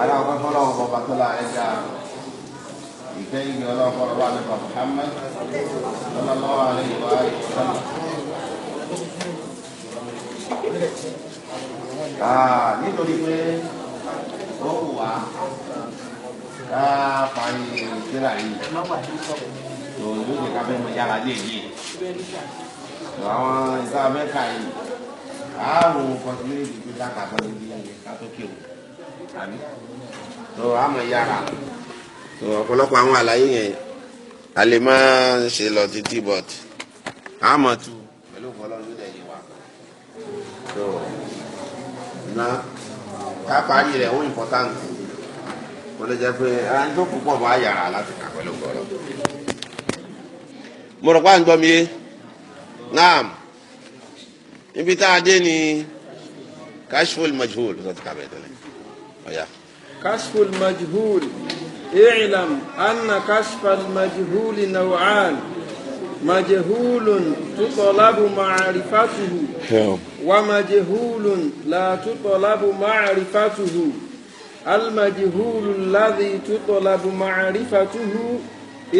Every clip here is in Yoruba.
ara ọkọ fọlọ ọkọ bàtọlà ẹja ìfẹ́ ìgbẹ ọlọpọ ọlọpọ àlẹfà Muhammad lọlọlọ àlẹ ìwà nítorí pé ó wù wá ká parí ìṣẹ́ra yìí lòun ló ṣe ká fẹ́ mọ yára lé yìí àwọn ìta yìí àrùn kọ́ńtínú ìdìbò dákàtọ́ níbi ká tó kéwòn. tó a mọ̀ àwọn àlàyé yẹn ṣe lọ títí but a mọ̀ tu pẹ̀lú fọlọ́run ló dẹ̀ wá na ká parí rẹ̀ ó important kò lè jẹ́ pé ẹni púpọ̀ bá yàrá láti kà pẹ̀lú mo rò pa mi yé naam ibi tá a dé ni majhul ló ti kà bẹ́ẹ̀ tẹ́lẹ̀. كشف المجهول اعلم أن كشف المجهول نوعان مجهول تطلب معرفته ومجهول لا تطلب معرفته المجهول الذي تطلب معرفته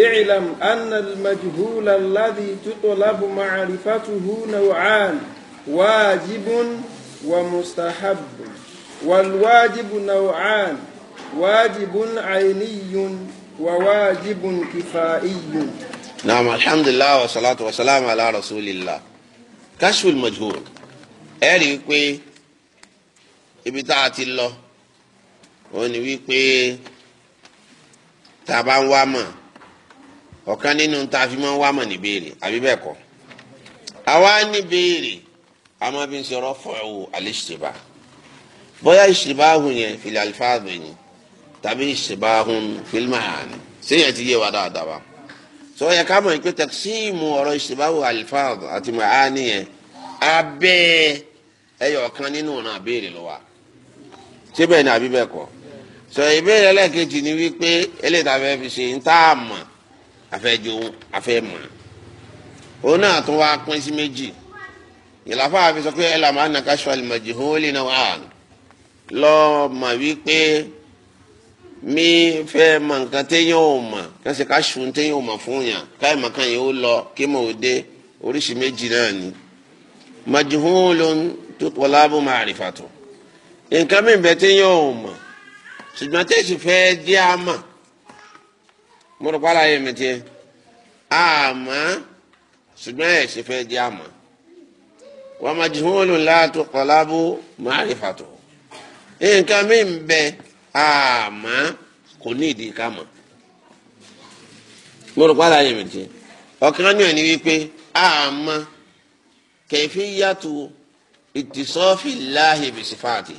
اعلم أن المجهول الذي تطلب معرفته نوعان واجب ومستحب والواجب نوعان واجب عيني وواجب كفائي نعم الحمد لله والصلاة والسلام على رسول الله كشف المجهول ẹ̀rí wípé ibi tá a ti lọ òun ni wípé tá a bá ń wá mọ̀ ọ̀kan nínú tá a fi máa ń wá mọ̀ ní àbí bẹ́ẹ̀ kọ́ àwa ní béèrè a máa fi ń sọ̀rọ̀ fọ́ ẹ̀wò àlẹ́ ṣèṣe báà bóyá ìṣèbáhùn yẹn fìlẹ̀ àlìfáàbẹ̀ ni tàbí ìṣèbáhùn fìlmáàni séyẹn ti yé wa dáadáa wa sọ yẹ ká mọ̀ pé tẹ̀síìmù ọ̀rọ̀ ìṣèbáhùn àlìfáàbù àti màáni yẹn abẹ́ ẹyọ kan nínú ọ̀nà àbẹ́rẹ́ lọ́wọ́ ṣé bẹ́ẹ̀ ni àbí bẹ́ẹ̀ kọ́ sọ ìbéèrè ẹlẹ́ẹ̀kejì ni wípé eléyìí tá a fẹ́ fi ṣe ń tá a mọ̀ àfẹ́jọ àfẹ́ mọ̀ òun náà tún wá pín sí méjì ìlàfà àfi ẹ̀ làmà nàkàṣọ́ àlùmọ̀jì hóólì náà wà á lọ mọ̀ wípé mi fẹ́ mọ̀ nǹkan téèyàn ò mọ̀ kẹsì ká sùn téèyàn ò mọ̀ fún yàn káyì màkàn yìí ó lọ kí mo ò dé oríṣi méjì náà ni majhulun tutlabu ma'rifatu nǹkan mi bẹ téèyàn ò mọ̀ ṣùgbọ́n tẹ̀sí fẹ́ dí a mọ̀ mo rò pàlà mi tiẹ̀ àmọ́ ṣùgbọ́n ẹ̀sìn fẹ́ dí a mọ̀ wa majhulun la tutlabu ma'rifatu. Eh, nǹkan mi ń bẹ àmọ́ kò ní ìdí ká mọ̀ mo rò pa láyé mi jẹ ọ̀kan ní ẹni wípé àmọ́ kẹfí yàtò ìtìsọ́fì láàyè bìsífàtì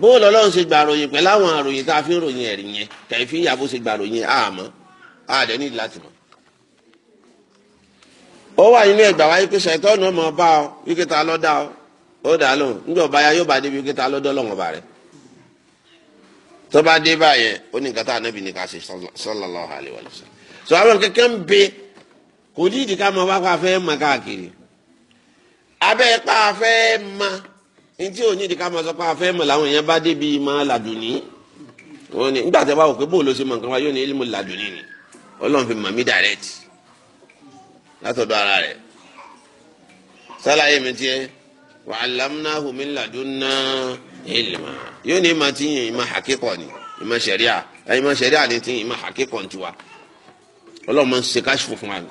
bóòlù ọlọ́run ṣe gbà ròyìn pẹ̀lú àwọn àròyìn tá a fi ń ròyìn ẹ̀rí yẹn kẹfí yàbó ṣe gbà ròyìn àmọ́ àdẹ nídìí láti mọ̀ ó wà nínú ẹgbàá wáyé pé ọmọ ọba ọ wíkẹ́ta lọ́dà ọ ó dà á lóhùn níjọ báyà yóò bá débi kíta lọ́dọ̀ lọ́wọ́ bá rẹ̀ tó bá dé báyẹn ó ní nǹkan tá ní ká ṣe sallallahu alaihi wa sallam sọ àwọn kẹkẹ ń bẹ kò ní ìdí ká mọ wá pa fẹ́ mọ káàkiri abẹ́ pa fẹ́ mọ ntí ò ní ìdí ká mọ sọ pa fẹ́ mọ làwọn èèyàn bá débi mọ làdùnní wọn ni nígbà tí a bá wò pé bóòlù ṣe mọ nǹkan wa yóò ní ilmu làdùnní ni ọlọ́run fi mọ̀ mí direct látọ̀dọ̀ ara rẹ̀ sálàyé mi tiẹ́ wàlámúnáhù min ladunna ilma yóò ní ìmọ̀ tí yìnyín ìmọ̀ hakíkọ̀ ni ìmọ̀ sẹ̀ríà ìmọ̀ sẹ̀ríà ni tí yìnyín ìmọ̀ hakíkọ̀ ti wa ọlọ́mọ ṣe ká ṣe fún wa ni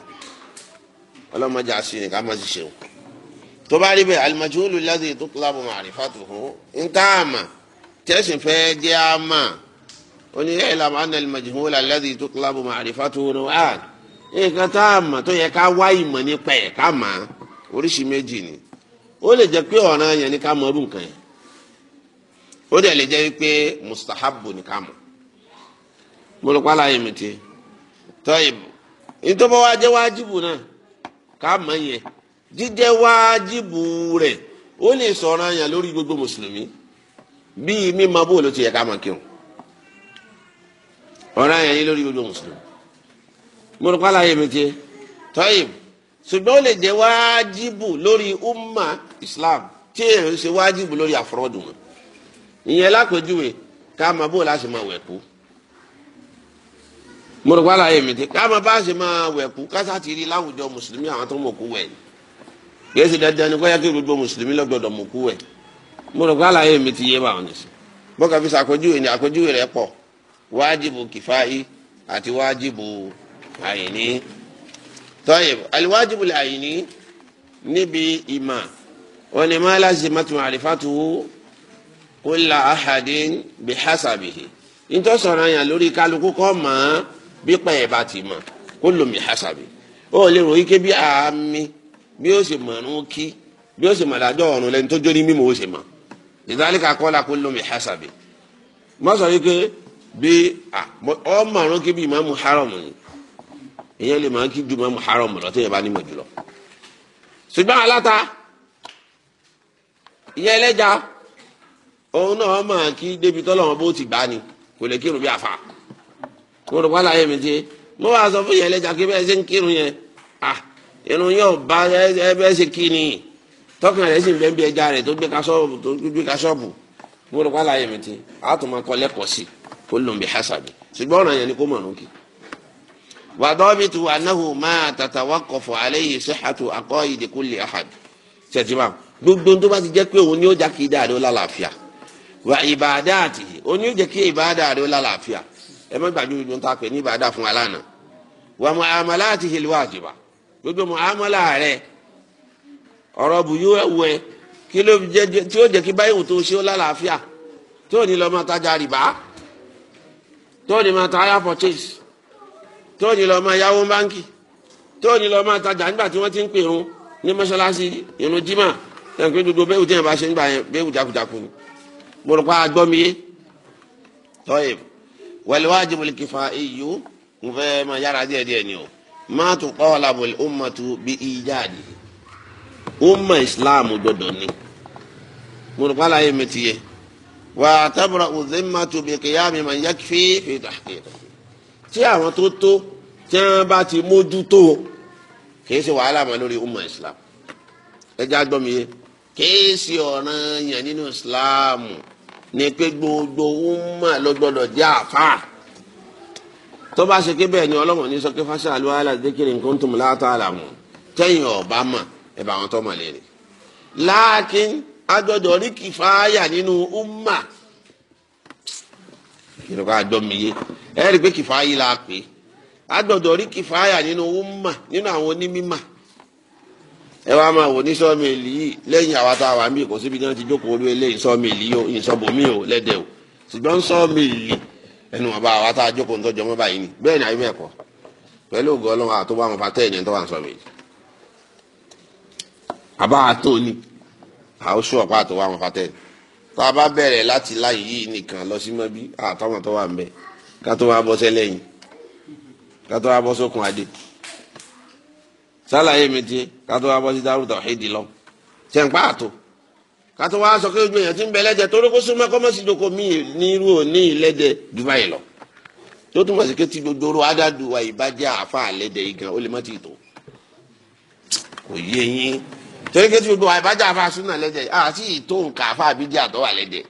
ọlọ́mọ jà sí ni ká má ti ṣeun tó bá rí bẹ́ẹ̀ alimajulu ladi tutlabu ma'rifatuhu ntaama tẹ̀sìn fẹ́ jẹ́ àmà oní ẹ̀làm anna alimajulu ladi tutlabu ma'rifatuhu nìkan táàmà tó yẹ ká wá ìmọ̀ nípa ẹ̀ ká mà oríṣi méjì ni ó lè jẹ́ pé ọ̀ràn yẹn ni ká mọ irú nǹkan yẹn ó dẹ̀ lè jẹ́ pé mustahabu ni ká mọ̀ mo lọ pàlà yẹn mi ti tọ́yìbù nítorí wàá jẹ́ wájibù náà ká mọ̀ yẹn jíjẹ́ wájibù rẹ̀ ó lè gbogbo mùsùlùmí bíi mímọ bó ló ti yẹ ká mọ̀ kírun ọ̀ràn yẹn gbogbo mùsùlùmí mo ṣùgbọ́n ó lè jẹ́ wájibù lórí umma islam tí èèyàn ṣe wájibù lórí àfọwọ́dù wọn ìyẹn lápèjúwe ká máa bó láti máa wẹ̀kú mo rò wálá yẹn mi ti ká máa bá ṣe máa wẹ̀kú kásá ti rí láwùjọ mùsùlùmí àwọn tó mọ̀ kú wẹ̀ kìí ṣe dandan ni kọ́yá kí gbogbo mùsùlùmí lọ́gbọ̀dọ̀ mọ̀ kú wẹ̀ mo rò wálá yẹn mi ti yé báwọn nìṣẹ́ bọ́kà fi ṣàpèjúwe ni àpèjúwe rẹ̀ pọ̀ wájibù kìfáyì àti wájibù àyìní tọ́yìb aliwájibul àyìní níbi ìmà wọn ni máa lazimatu àrífàtú kulla ahadin bihasabihi nítorí sọ̀rọ̀ yẹn lórí kálukú kọ́ mọ́ bípa ẹ̀ bá ti mọ̀ kullu bihasabihi ó lè ròyìn ké bí àmì bí ó sì mọ̀ọ́nù kí bí ó sì mọ̀ọ́dájọ́ ọ̀run lẹ́ni tó jó ní mímọ́ ó sì mọ̀ lidhalika qala kullu bihasabihi mọ́sọ̀ yìí ké bí ọmọ ọ̀run ké bí ìmáàmù haram ni ìyẹn lè máa kí ju mọ́ muharram lọ tó yẹ bá nímọ̀ jùlọ ṣùgbọ́n aláta ìyẹn ẹlẹ́ja òun náà máa kí débi tọ́lọ́wọ́n bó ti gbá ni kò lè kírun bí àfa mo rò wálá yẹn mi ti mo wá sọ fún ìyẹn ẹlẹ́ja kí bẹ́ẹ̀ ṣe ń kírun yẹn ah irun yóò bá ẹ bẹ́ẹ̀ ṣe kí ni tọkàn rẹ sì ń bẹ́ẹ̀ bí ẹja rẹ tó gbé ka ṣọ́ọ̀bù tó gbé ka ṣọ́ọ̀bù mo rò wálá yẹn mi ti àtùmọ̀ kọ́ sí kó lóun bí hasabi ṣùgbọ́n ọ̀nà yẹn ni kó mọ̀ nù kí wàdọ́bìtù anahu máa tàtàwá kọ̀fọ̀ alẹ́ yìí sèhàtù akọ́ ìdíkù lè ahad ṣètìmá gbogbo tó bá ti jẹ́ pé òun ni ó já kí dáadé ó lálàáfíà wà ìbàdà àti òun ni ó jẹ́ kí ìbàdà rẹ̀ ó lálàáfíà ẹ má gbàgbé ojú ta pè ní ìbàdà fún alánà wà mọ àmàlà àti ìlú àjìbà gbogbo mọ àmàlà rẹ ọ̀rọ̀ bù yóò wù ẹ kí ló jẹ tí ó jẹ́ kí báyìí tó ṣe ó lálàáfíà tó ní lọ́mọ tajà rìbá tó ní ma ta ayá purchase tó ní lọ́ọ́ máa yáwó báńkì tó ní lọ́ọ́ máa tajà nígbà tí wọ́n ti ń pè wọn ní mọ́ṣáláṣí ìrun jimá ẹ̀rọ pé gbogbo bẹ́ẹ̀ òtí yẹn bá ṣe ń gbà yẹn bẹ́ẹ̀ òjàkùjàkù ni mo rò pa agbọ́miyé tọ́yẹ̀ wẹ̀lẹ́ wá jẹ́bọ̀lì kìfà iyú mo fẹ́ máa yára díẹ̀ díẹ̀ ni o máa tún kọ́ ọ̀làbọ̀lì ó máa tún bí iyá àdì ó mọ ìsìláàmù gbọdọ̀ ni mo rò pa láyé mi ti yẹ wà á tẹ́bùrọ̀ òzè máa tún bí kìyàmì máa yẹ fi fi tàkìrì tí àwọn tó tó tí wọ́n bá ti mójútó kìí ṣe wàhálà mọ́ lórí umma islam ẹja gbọ́ mi yé kìí ṣe ọ̀ràn yẹn nínú islam ni pé gbogbo umma ló gbọ́dọ̀ jẹ́ àfa tó bá ṣe pé bẹ́ẹ̀ ni ọlọ́mọ ní sọ pé fásitì alúwàlá dékèrè nǹkan tó mú látà àlàmù tẹ̀yìn ọ̀bá mọ̀ ẹ̀ bá wọn tọ́ mọ̀ lérè. láàkín agbọ́dọ̀ rí kìfáyà nínú umma ìrọ̀pá àjọmíye ẹ rí i pé kìfáyì la pè é agbọ̀dọ̀ rí kìfáyà nínú umma nínú àwọn onímímà ẹ wá máa wò ní sọ́ọ̀mìlì yìí lẹ́yìn àwa tá a wà mí kò síbi náà ti jókòó olú eléyìí sọ́ọ̀mìlì yìí ìsọ̀bùnmí ò lẹ́dẹ̀ o ṣùgbọ́n sọ́ọ̀mìlì ẹnu wọn àwa tá a jókòó ntọ́jọ́ mọ́ báyìí ni bẹ́ẹ̀ ni àyè mẹ́kọ̀ pẹ̀lú ògùn ọlọ́run àtọ́wọ́ tá a bá bẹ̀rẹ̀ láti láyé yìí nìkan lọ sí mọ́bí àtàwọn tó wà ń bẹ ká tó wá bọ́ sẹ́lẹ̀yìn ká tó wá bọ́ sókun adé sálàyé mi tiẹ̀ ká tó wá bọ́ sí dárúdà ọ̀hídìí lọ tẹ̀ǹpá àtò ká tó wá sọ pé ojú èèyàn ti ń bẹ lẹ́dẹ̀ torí kó súnmọ́ kọ́mọ́ sí ìdókò míì ní irú òní lẹ́dẹ̀ dubai lọ tó túmọ̀ sí pé ti gbogbo wa ìbàjẹ́ àáfàá lẹ́dẹ̀ igan ó lè má ti tó kò yé yín torí kí gbogbo àìbájá afa súnà lẹ́jẹ̀ àti ìtò nǹkan afa àbídí àtọ́ wà lẹ́jẹ̀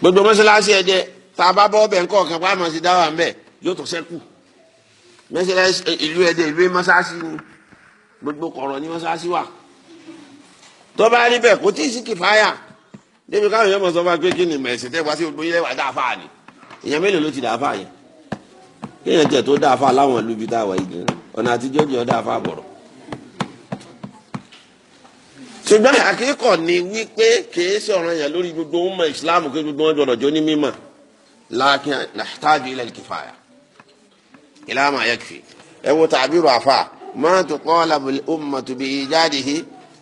gbogbo mọ́ṣáláṣí ẹ̀jẹ̀ tá a bá bọ́ ọbẹ̀ ńkọ́ ọ̀kan pa àmọ́ sí dáwà ńbẹ̀ yóò tó sẹ́kù mọ́ṣáláṣí eh, ìlú ẹ̀jẹ̀ ìlú mọ́ṣáláṣí ni gbogbo kọ̀ọ̀rọ̀ ni mọ́ṣáláṣí wà tó bá rí bẹ́ẹ̀ kò tí ì sí kìfáyà débi káwọn èèyàn mọ̀ sọ ni mẹ̀sìn tẹ́ wá sí gbogbo ilé wa dá afá ni èèyàn mélòó ló ṣùgbọ́n àkíkọ̀ ni wípé kìí ṣe ọ̀ràn yẹn lórí gbogbo ọmọ ìsìláàmù kí gbogbo wọn gbọdọ̀ jó ní mímọ̀ láàkín nàìjíríà ilẹ̀ kìfàyà ìlànà ayẹ́kì ẹ wo tàbírò àfà máa tó kọ́ làbùlẹ̀ ọmọ tó bí jáde yìí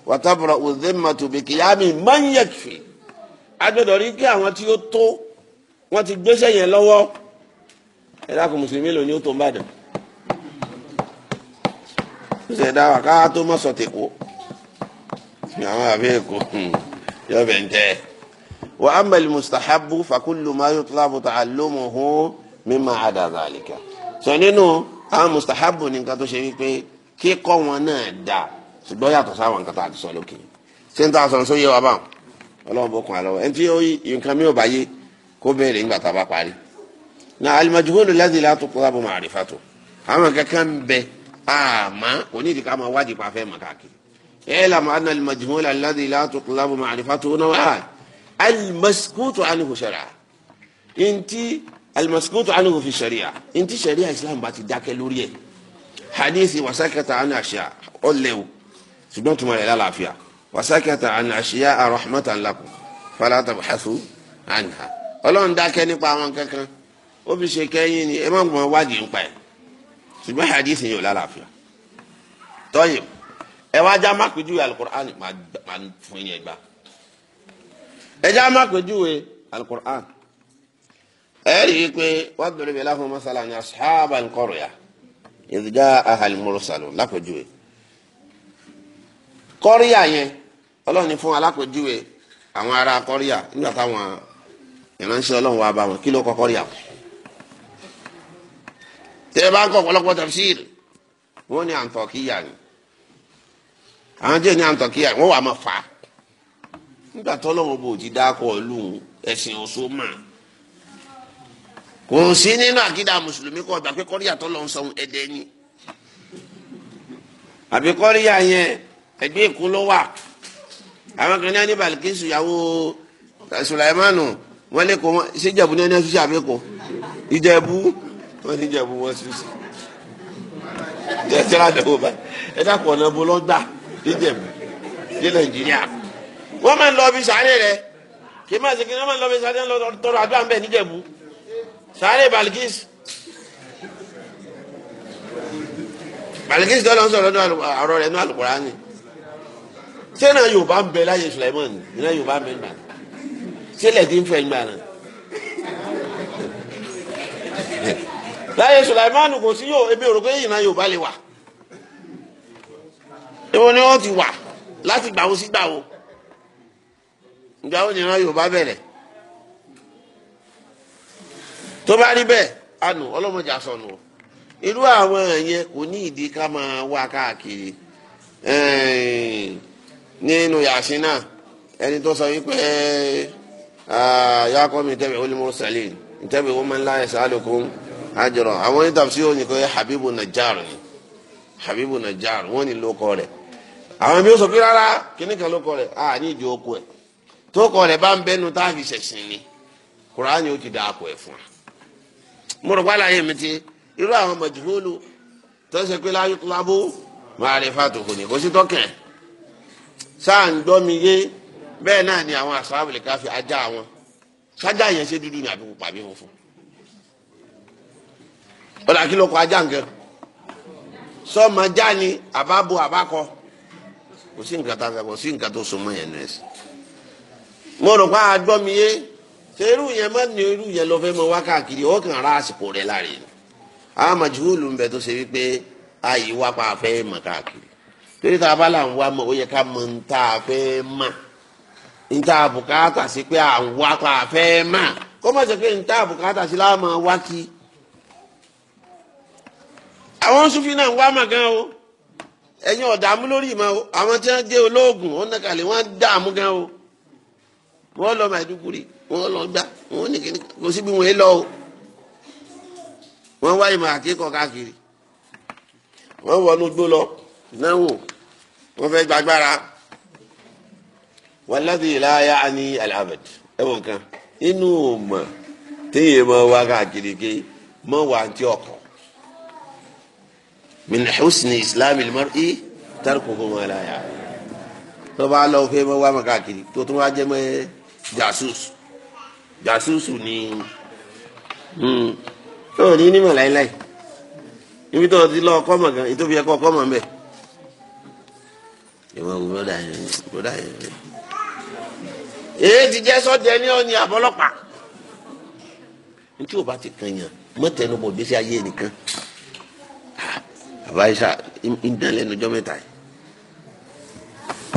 wàtàbùrọ̀ ọ̀dẹ́mọ̀ tó bí kìyàmì máa ń yẹ̀kì. agbọ́dọ̀ rí kí àwọn tí ó tó wọ́n ti gbéṣẹ́ yẹn lọ́wọ́ ẹ dákun mùsùlùmí lò ní ó tó ń bàdàn. ó sì ká tó mọ̀ sọ̀tẹ̀kọ́ àwọn àbẹ́ẹ̀ kò yọ̀bẹ̀ ń tẹ́ wa amma al-mustahabu fakullu ma yutlabu ta'allumuhu mimma ada zalika sọ nínú àwọn mustahabu ní nǹkan tó ṣe wípé kíkọ́ wọn náà dà ṣùgbọ́n yàtọ̀ sáwọn nǹkan tá a ti sọ lókè ṣé n ta sọ̀rọ̀ sóyè wa báwọn ọlọ́run bó kún àlọ́wọ́ ẹni tí nǹkan mi ò bá yé kó béèrè nígbà tá a bá parí na al-majhulu alladhi la tutlabu ma'rifatuhu àwọn kankan bẹ àmọ́ onídìí ká máa wádìí pa fẹ́ mọ̀ káàkiri اعلم أن المجهول الذي لا تطلب معرفته نوعان المسكوت عنه شرعا انت المسكوت عنه في الشريعة انت شريعة الإسلام باتي داك لوريه حديثي وسكت عن أشياء قل له سبحانه وتعالى العافية وسكت عن أشياء رحمة لكم فلا تبحثوا عنها ọlọ́run dákẹ́ nípa àwọn kankan ó fi ṣe kẹ́yìn ni حديث má gbọ́n طيب ẹ wá já má péjúwe alukur'an máa fún yẹn gbà ẹ já má péjúwe alukur'an ẹ rí i pé wọ́n dòrò bí láhùn masala ní asahaba nkọ́rọ̀yà ìdíjà ahali mursalu lápéjúwe kọ́ríyà yẹn ọlọ́run ní fún alápéjúwe àwọn ará kọ́ríyà nígbà táwọn ìránṣẹ́ ọlọ́run wá bá wọn kí ló kọ́ kọ́ríyà wọn tẹ́ bá ń kọ́ ọ̀pọ̀lọpọ̀ tafsir wọ́n ní àǹtọ̀kíyà ni. àwọn jẹ́ ní àǹtọ̀kíyà wọ́n wà á fà á nígbà bò ti dákọ̀ ọlùhùn ẹ̀sìn ọ̀ṣọ́ mà kò sí nínú àkídà mùsùlùmí kọ́ ọ̀gbà pé kọ́ríyà tọ́lọ́wọ́n sọ ẹ̀dẹ̀ ni àbí kọ́ríyà yẹn ẹgbẹ́ èkó ló wà àwọn kan ní eh, wọn lè kó wọn ní ẹni ẹ̀sùn sí wọn wọn sùn níjẹ̀bú ní nàìjíríà wọ́n máa ń lọ ibi sàárè rẹ̀ kì í máa ṣe kí wọ́n máa ń lọ ibi sàárè lọ tọrọ àdúrà ń bẹ̀ níjẹ̀bú sàárè Balkis Balkis tó lọ sọ̀rọ̀ àrọ̀ rẹ̀ ní Al-Kùránì ṣé náà Yorùbá ń bẹ láyé Sulaiman ní náà Yorùbá ń bẹ nígbà ṣé lẹ́ẹ̀dí ń fẹ́ nígbà náà láyé Sulaiman kò sí yóò ebi òròkè yìí náà Yorùbá lè wà. èwo ni wọ́n ti wà láti gbàwo sí gbàwo ìgbàwo nìran Yorùbá bẹ̀rẹ̀ tó bá rí bẹ́ẹ̀ àánú ọlọ́mọdé àsọnù o irú àwọn yẹn kò ní ìdí ká máa wá káàkiri nínú yàsí náà ẹni tó sọ wípé yàkọ́ mi tẹ́wẹ̀ olùmọ̀ọ́sálẹ̀ ìtẹ́wẹ̀ wọ́n máa ń láyẹ̀ àwọn onítàbí sí òyìnbó Habibu Najjar ni Habibu Najjar wọ́n ni lóko àwọn mi ò sọ pé rárá kíní kan ló kọ rẹ̀ a ní ìdí oko ẹ̀ tó kọ rẹ̀ bá ń bẹ́nu tá a fi ṣẹ̀sìn ni kùránì ó ti dà akọ ẹ̀ fún wa. mo rò wá láyé mi ti irú àwọn mọ̀júmọ́lù tó ṣe pé láyé tó lábó máa rí fàtòkò ní kó sí tọ́kẹ̀ sáà ń gbọ́ mi yé bẹ́ẹ̀ náà ni àwọn àsáàbìlì káfí ajá wọn sájà yẹn ṣe dúdú ní àbí pupa bí funfun ọ̀là kí ló kọ ajá nǹkan sọ́mọ já ni àbábo àbákọ kò sí nǹkan tá a fẹ́ kò yẹn nù mo rò a mi yé yẹn má ní irú yẹn lọ mọ wákàkiri àsìkò láre ni àwọn màjúwòlù ń bẹ tó ṣe wípé wá pa káàkiri torí bá là ń wá mọ ó yẹ ká mọ a fẹ́ mọ̀ sí pé à ń wá pa kó má ṣe pé sí láwọn máa ẹ̀yin ọ̀dààmú lórí ìmọ̀ o àwọn tí wọ́n jẹ́ olóògùn wọn náà kàlẹ́ wọ́n dààmú gan o wọ́n lọ Maiduguri wọ́n lọ gbà wọ́n ní kíní kò síbi wọ́n lọ o wọ́n wá ìmọ̀ àkíkọ̀ káàkiri wọ́n wọnú gbó lọ náà wò wọ́n fẹ́ gbàgbára wàlláhi ìlàyà àní alabad ẹ̀wọ̀n kan inú òmà téèyàn máa wá káàkiri ké mọ́ wà ti ọkọ̀ min husni islam ilmar'i tarkuhu ma la ya tó bá lọ fẹ́ mọ́ wá mọ́ káàkiri tó tún wá jẹ́ mọ́ jasus jasus ni hmm, tó ní nímọ̀ láíláí níbi tó ti lọ kọ́ mọ̀ gan ìtòbi ẹ̀kọ́ kọ́ mọ̀ mbẹ́ ìwọ wo bọ́dà yẹn bọ́dà yẹn èyí ti jẹ́ sọ́dẹ̀ ẹni ọ̀ ni àbọ́lọ́pàá ní tí o bá ti kàn yàn mọ́tẹ́nubọ̀ gbèsè ayé nìkan. àbáyíṣà ìdánlẹ́nu ọjọ́ mẹ́ta yìí.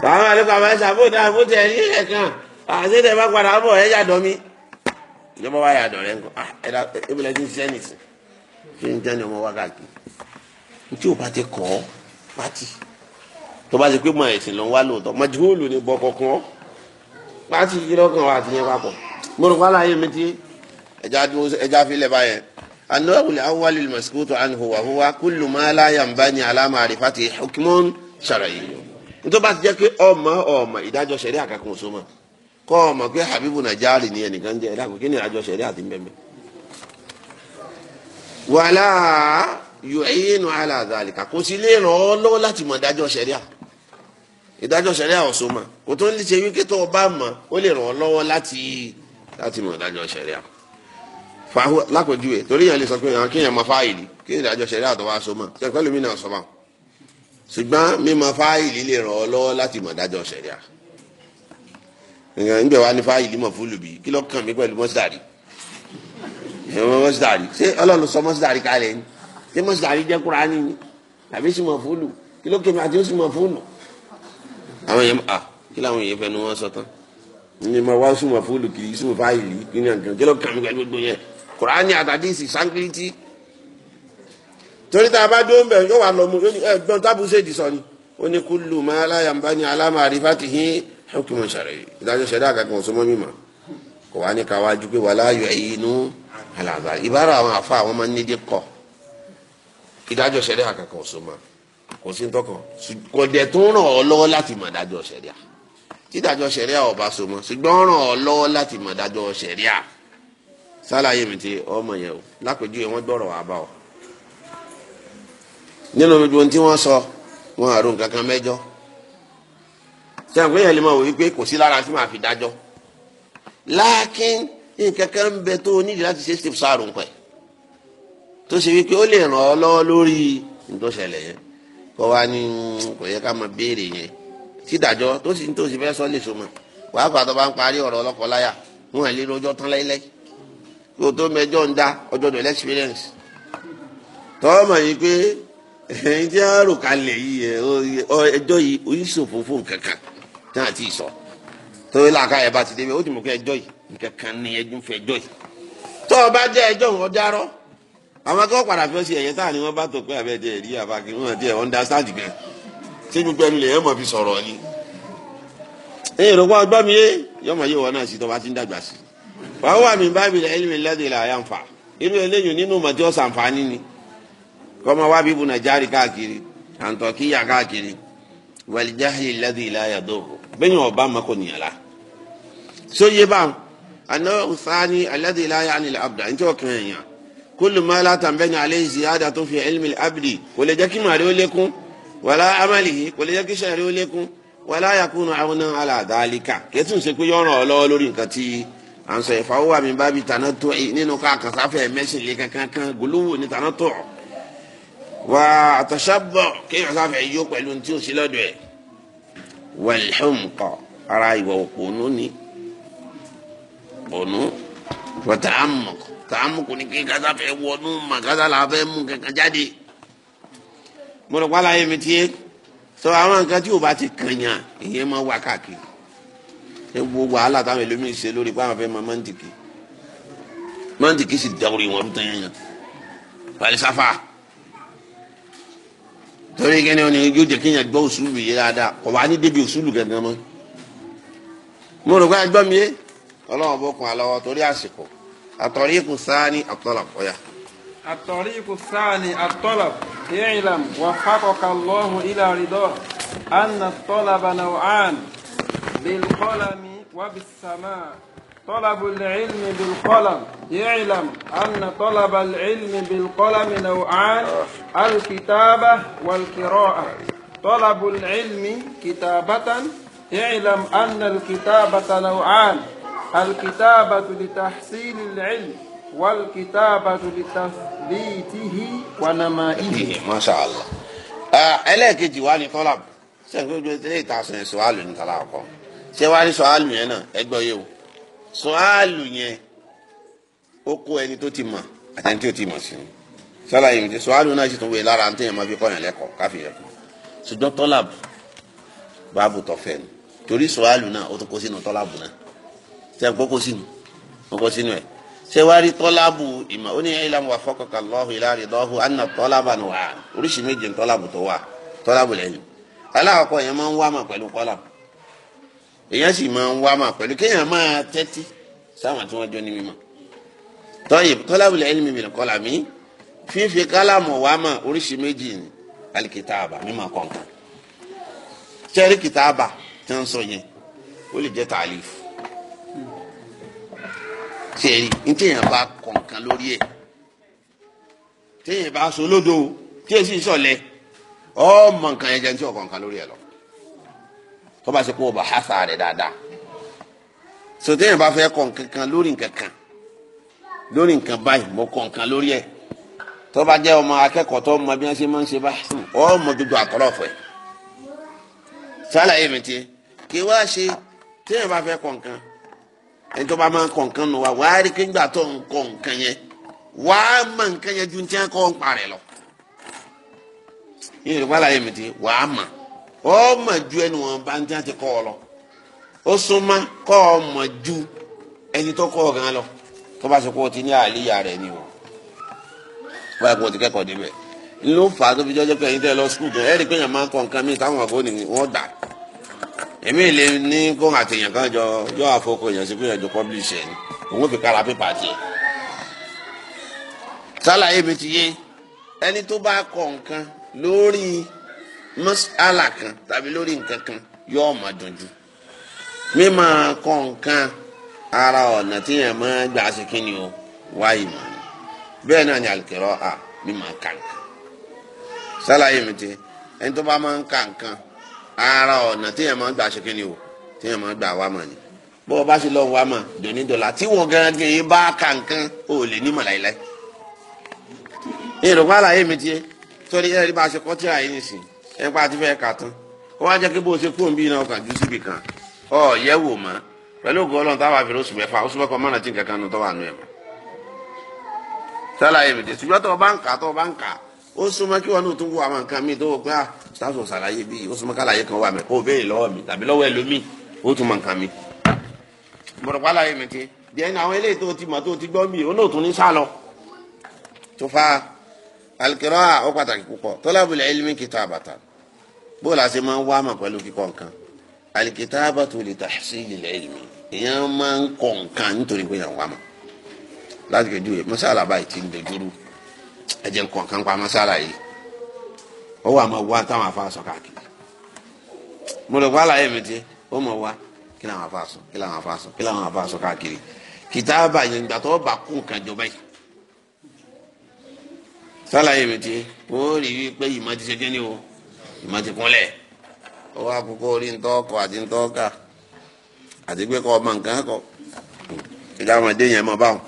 bàbá àlùkò àbáyíṣà bó dáa bó tẹ̀ ní ẹ̀kan àṣetẹ̀ bá padà bọ̀ ẹ̀ yà dọ́mí. ìjọba wa yà dọ̀rẹ́ ńkọ ẹ̀dá ebile ti ṣiṣẹ́ nìsí fi ń jẹ́ni ọmọ wákàtí. tí o bá ti kọ́ pátì tó bá ti pé mọ ẹ̀sìn wá lóòótọ́ mọ̀júwòlù ni bọ́ kọ̀ọ̀kan yìí lọ́kàn yẹn papọ̀ mo rò wá mi النوع الأول المسكوت عنه وهو كل ما لا ينبني على معرفته حكم شرعي nítorí bá ti jẹ́ pé ọmọ ọmọ ìdájọ́ sẹ̀rí àkàkùn sọmọ kọ́ ọmọ pé Habibu Najari ni ẹnìkan jẹ́ ẹ̀dá kò kí ni ìdájọ́ sẹ̀rí àti mbẹ́mbẹ́. wàhálà yu'inu ala dhalika kò sí lè ràn ọ́ lọ́wọ́ láti mọ̀ ìdájọ́ sẹ̀rí à ìdájọ́ sẹ̀rí à ọ̀sọ́mọ kò tó ń lè ṣe wípé tó o bá mọ̀ ó lè ràn ọ́ lọ́wọ́ láti láti mọ̀ ìdájọ́ sẹ̀rí fàáhùn lápèjúwe torí yẹn lè sọ pé àwọn kéèyàn máa fáìlì kéèyàn dájọ́ ṣẹlẹ̀ àtọwọ́ aṣọ mọ̀ ṣe pẹ́lú mi náà sọ bá ṣùgbọ́n mímọ̀ fáìlì lè ràn ọ́ lọ́wọ́ láti mọ̀ dájọ́ ṣẹlẹ̀ à ǹgbẹ̀ wa ní fáìlì mọ̀ fúlù bí kí ló kàn mí pẹ̀lú mọ́sítàrí mọ́sítàrí ṣé ọlọ́run sọ mọ́sítàrí kalẹ̀ ni ṣé mọ́sítàrí jẹ́ Kùránì ni tàbí sì mọ̀ fúlù kí ló kẹ́mi àti ó kùránì atadisi sáńkìlìtì torí tá a bá dúró ń bẹ̀ yóò wá lọ mú ẹgbọ́n tábùsẹ̀dì sọ ni ó ní kúlù máa láyàmbá ní aláma àrífà tì hín hukumun shar'i ìdájọ́ ṣẹ̀dá àkàkùn ọ̀sọ́mọ́ mímọ́ kò wá ní ká wájú pé wà láàyò ẹ̀yìn inú àlàbà ìbára àwọn àfa àwọn máa ń ní dé kọ́ ìdájọ́ ṣẹ̀dá àkàkùn kò sí tọkàn kò dẹ̀ tó ràn ọ́ lọ́wọ́ láti mọ̀ ìdájọ́ ṣẹ̀dá tídájọ́ ṣẹ̀dá ọ̀bá so mọ́ ràn ọ́ lọ́wọ́ láti mọ̀ ìdájọ́ ṣẹ̀dá sálàyé mi ti ọmọ yẹn o lápèjúwe wọn gbọ́rọ̀ wá bá ọ nínú gbogbo ohun tí wọ́n sọ wọn àrùn kankan mẹ́jọ sẹ́yìn pé lè máa wò wípé kò sí lára tí màá fi dájọ́ láàkín nǹkan ń bẹ tó o nídìí láti ṣe tó ṣe wípé ó lè ràn lórí yẹn ní hmm, kò yẹ ká máa béèrè yẹn tó sì ń lè wàá bá ń parí láyà wọn à lè tán kó tó mẹjọ ń dá ọjọ́ dọ̀lẹ́ experience tọ́wọ́ yìí pé ẹ̀yin tí a rò kalẹ̀ yìí ẹjọ́ yìí oníṣòfò fún kankan tí wọ́n ti sọ tọ́wọ́ làákà yẹn bá ti débi ó ti mọ̀ pé ẹjọ́ yìí nkankan ní ẹjọ́ fún ẹjọ́ yìí bá àwọn akẹ́kọ̀ọ́ padà fi ẹ̀yẹ ni wọ́n bá tó pé àbẹ̀dẹ̀ rí àbákẹ́ wọn díẹ̀ understand gan ṣé gbogbo ẹnu lè yẹn mọ̀ fi sọ̀rọ̀ ni. ẹ̀yin ìrọ̀pá ọgbọ́n mi yé yọmọ yé wọn náà sí bá ti ń dàgbà sí wàá wà mí bábí ilẹ̀ ilmi alladhi la yanfa irú eléyìí nínú mọ̀tí ọ̀sán àǹfààní ni kọ́mọ wá bíbu nàìjíríà káàkiri àǹtọ̀kíyà káàkiri wal jahli alladhi la yadurru bẹ́yìn ọba mako nìyàrá sóye báwọn àná sáni alladhi la ya'ni al-abda ní tí kàn yàn kullu ma la tanbani alayhi ziyadatu fi ilmi abdi kò lè jẹ́ kí màrí ó lékún wàlá amalihi kò lè jẹ́ kí sàrí ó lékún wàlá yakunu àwọn náà ala dhalika kẹ́tùn ṣe pé yọ̀ràn ọ lórí nǹkan tí à ń sọ ìfawọ́ àmì bá bi tànà tó nínú ká kàsáfẹ́ mẹ́sìn lé kankan kan gòlówó ní tànà tó wà àtọ̀ṣàbọ̀ kéèyàn sáfẹ́ yó pẹ̀lú tí ò sí lọ́dọ̀ ẹ̀ wàlhùnkọ̀ ara ìwà òpònú ni òpònú wà tààmùk tààmùk ni kí kásáfẹ́ wọnú mà kásálà fẹ́ mú kankan jáde mo rò pálá yẹn mi tiẹ́ sọ àwọn nǹkan tí ò ti kàn yàn ìyẹn máa wà ẹ wo wàhálà táwọn ẹlòmíín ṣe lórí pé fẹ́ mọ mọ́ǹtìkì mọ́ǹtìkì sì dá wọn tán yẹn pàlísàfà torí kí ni wọn yóò jẹ kí yẹn gbọ́ òṣùlù yìí dáadáa kò wá ní débi òṣùlù gangan mọ́ mo rò pé ẹgbọ́n mi yé ọlọ́run bó kun àlọ́wọ́ torí àsìkò àtọ̀rí kù sáání àtọ́là kọ́yà. àtọ̀rí kù sáání àtọ́là yẹ́ìlám wà fákọ̀ọ́kà lọ́hùn ilà rìdọ́ ànà tọ́là mi. وبالسماء طلب العلم بالقلم يعلم أن طلب العلم بالقلم نوعان الكتابة والقراءة طلب العلم كتابة يعلم أن الكتابة نوعان الكتابة لتحصيل العلم والكتابة لتثبيته ونمائه إيه، ما شاء الله آه، ألا wá طلب tọ́lá ṣe é pé ṣé wàá rí sọ́ọ́lù yẹn náà ẹ gbọ́ yé o sọ́ọ́lù yẹn ó kó ẹni tó ti mọ̀ àtẹni tí ó ti mọ̀ sí ni sálàyé mi ti sọ́ọ́lù náà sì tún wé lára ntẹ́yìn máa fi kọ́ yẹn lẹ́kọ̀ọ́ káfíń yẹn kù ṣùgbọ́n tọ́làbù báàbù tọ̀fẹ́ nu torí sọ́ọ́lù náà ó tún kó sínú tọ́làbù náà ṣe kó kó sínú ó kó sínú ẹ̀ ṣe wá rí tọ́làbù ìmọ̀ ó ní ilam wà fọ́kọ̀kà lọ́hùn ìlàrí lọ́hùn àná tọ́làbà nù wá oríṣi méje tọ́làbù tó wà èèyàn sì máa ń wá mà pẹ̀lú kéèyàn máa tẹ́tí sáwọn tí wọ́n jọ ní mímọ́ tọ́yì tọ́lábìlẹ̀ ẹni mi bìlẹ̀ kọ́là mí fífi kálámù wá mà oríṣi méjì ni alikitaaba mímọ́ kọ̀ọ̀kan sẹ́rí kitaaba tí wọ́n sọ yẹn ó lè jẹ́ tàlífù sẹ́rí ní téèyàn bá kọ̀ọ̀kan lórí ẹ̀ téèyàn bá sọ lódò tí èsì sọ̀lẹ̀ ọ́ mọ̀ nǹkan yẹn jẹ́ ní tí ọ̀kọ̀ọ̀kan lórí ẹ̀ lọ tó bá ṣe kó o bá hasa rẹ̀ dáadáa sọtẹ́yìn bá fẹ́ kọ́ nǹkan kan lórí nǹkan kan lórí nǹkan báyìí mo kọ́ nǹkan lórí ẹ̀ tó bá jẹ́ ọmọ akẹ́kọ̀ọ́ tó mọ bí wọ́n ṣe máa ń ṣe báyìí ọmọ hmm, gbogbo àkọ́rọ̀ fẹ́ sálàyé mi tiẹ̀ kí wá ṣe téèyàn bá fẹ́ kọ́ nǹkan ẹni tó bá máa ń kọ́ nǹkan nù wá wàá rí kéńgbà tó ń kọ́ nǹkan yẹn wàá mọ nǹkan yẹn ju ní tí wọ́n kọ́ ń parẹ́ lọ. yíyan ìrọ̀pá àlàyé mi tiẹ̀ wàá mọ̀ ọmọ ju ẹni wọn bá ń tí wọn ti kọ́ ọ lọ ó súnmọ́ kọ́ ọmọ ju ẹni tó kọ́ ọ gan lọ tó bá sọ pé o ti ní àlíyà rẹ ni o báyà kó o ti kẹ́kọ̀ọ́ débẹ̀ ló fà á tó fi jọ́jọ́ pé ẹ̀yin tẹ́ lọ skul gan ẹ̀rí pé èèyàn máa ń kọ́ nǹkan míì táwọn àgbo ni wọ́n gbà èmi lè ní kó àtẹ̀yàn kan jọ yọ àfọkọ èèyàn sí pé èèyàn jọ publish ẹ̀ ni òun fi kára pépà tiẹ̀ sálàyé mi ti yé ẹni tó bá kọ́ nǹkan lórí mọ́sálà kan tàbí lórí nǹkan kan yóò máa dunjú mímọ kọ́ nǹkan ara ọ̀nà tí yẹn máa gbà sí kíni o wáyé mọ̀ ni bẹ́ẹ̀ náà ni àlùkẹ́rọ̀ à mímọ ká sálàyé mi ti ẹni tó bá máa ń ka nǹkan ara ọ̀nà tí yẹn máa gbà sí kíni o tí yẹn máa gbà wá mọ̀ ni bó o bá sì lọ wá mọ̀ dònídọ̀là tí wọ́n gan gan yìí bá ka nǹkan o lè ní mọ̀láyìláyì èrò wàhálà yé mi ti torí ẹ̀rí bá a ṣe kọ́ tíra yìí nìsín ẹ̀pá àti fẹ́ kà tán ó wá jẹ́ kí bó ṣe kúrò ń bí iná ọkà jù síbi kan ọ yẹ wò mọ́ pẹ̀lú ògùn ọlọ́run táwa fi lóṣù mẹ́fà oṣù mẹ́kọ̀ọ́ mọ́nà tí nǹkan kan nù tọ́wà nù ẹ̀ mọ́ sálàyé mi dé ṣùgbọ́n tó o bá ń kà tó o bá ń kà ó súnmọ́ kí wọn náà tún wo àwọn nǹkan mi tó o pé ah sàtò sàlàyé bíi ó súnmọ́ kálàyé kan wà mí kó o béèrè lọ́wọ́ mi tàbí lọ́wọ́ ẹlòmíì ó tún mọ nǹkan mi. mọ̀rọ̀pá láyé mi ti di ẹni àwọn bọla la ma máa ń wá mà pẹ̀lú kíkọ nǹkan al-kitābatu li taḥsīlil ilmi èèyàn máa ń kọ nǹkan nítorí pé èèyàn wá mà láti kẹjú yẹ masala báyìí ti ń dojúrú ẹ jẹ́ nǹkan pa yìí ó wà afa káàkiri mo lè mi ó máa wá kí làwọn afa kí làwọn afa kí làwọn káàkiri jọba yìí sálàyé mi ó rí i pé ìmọ̀ o. ìmọ̀ ti kúnlẹ̀ ó wá kókó orí ntọ́ ọkọ àti ntọ́ ọkà àti pé kọ́ ọmọ nǹkan kọ́ kíkà wọn dé yẹn mọ́ báwọn.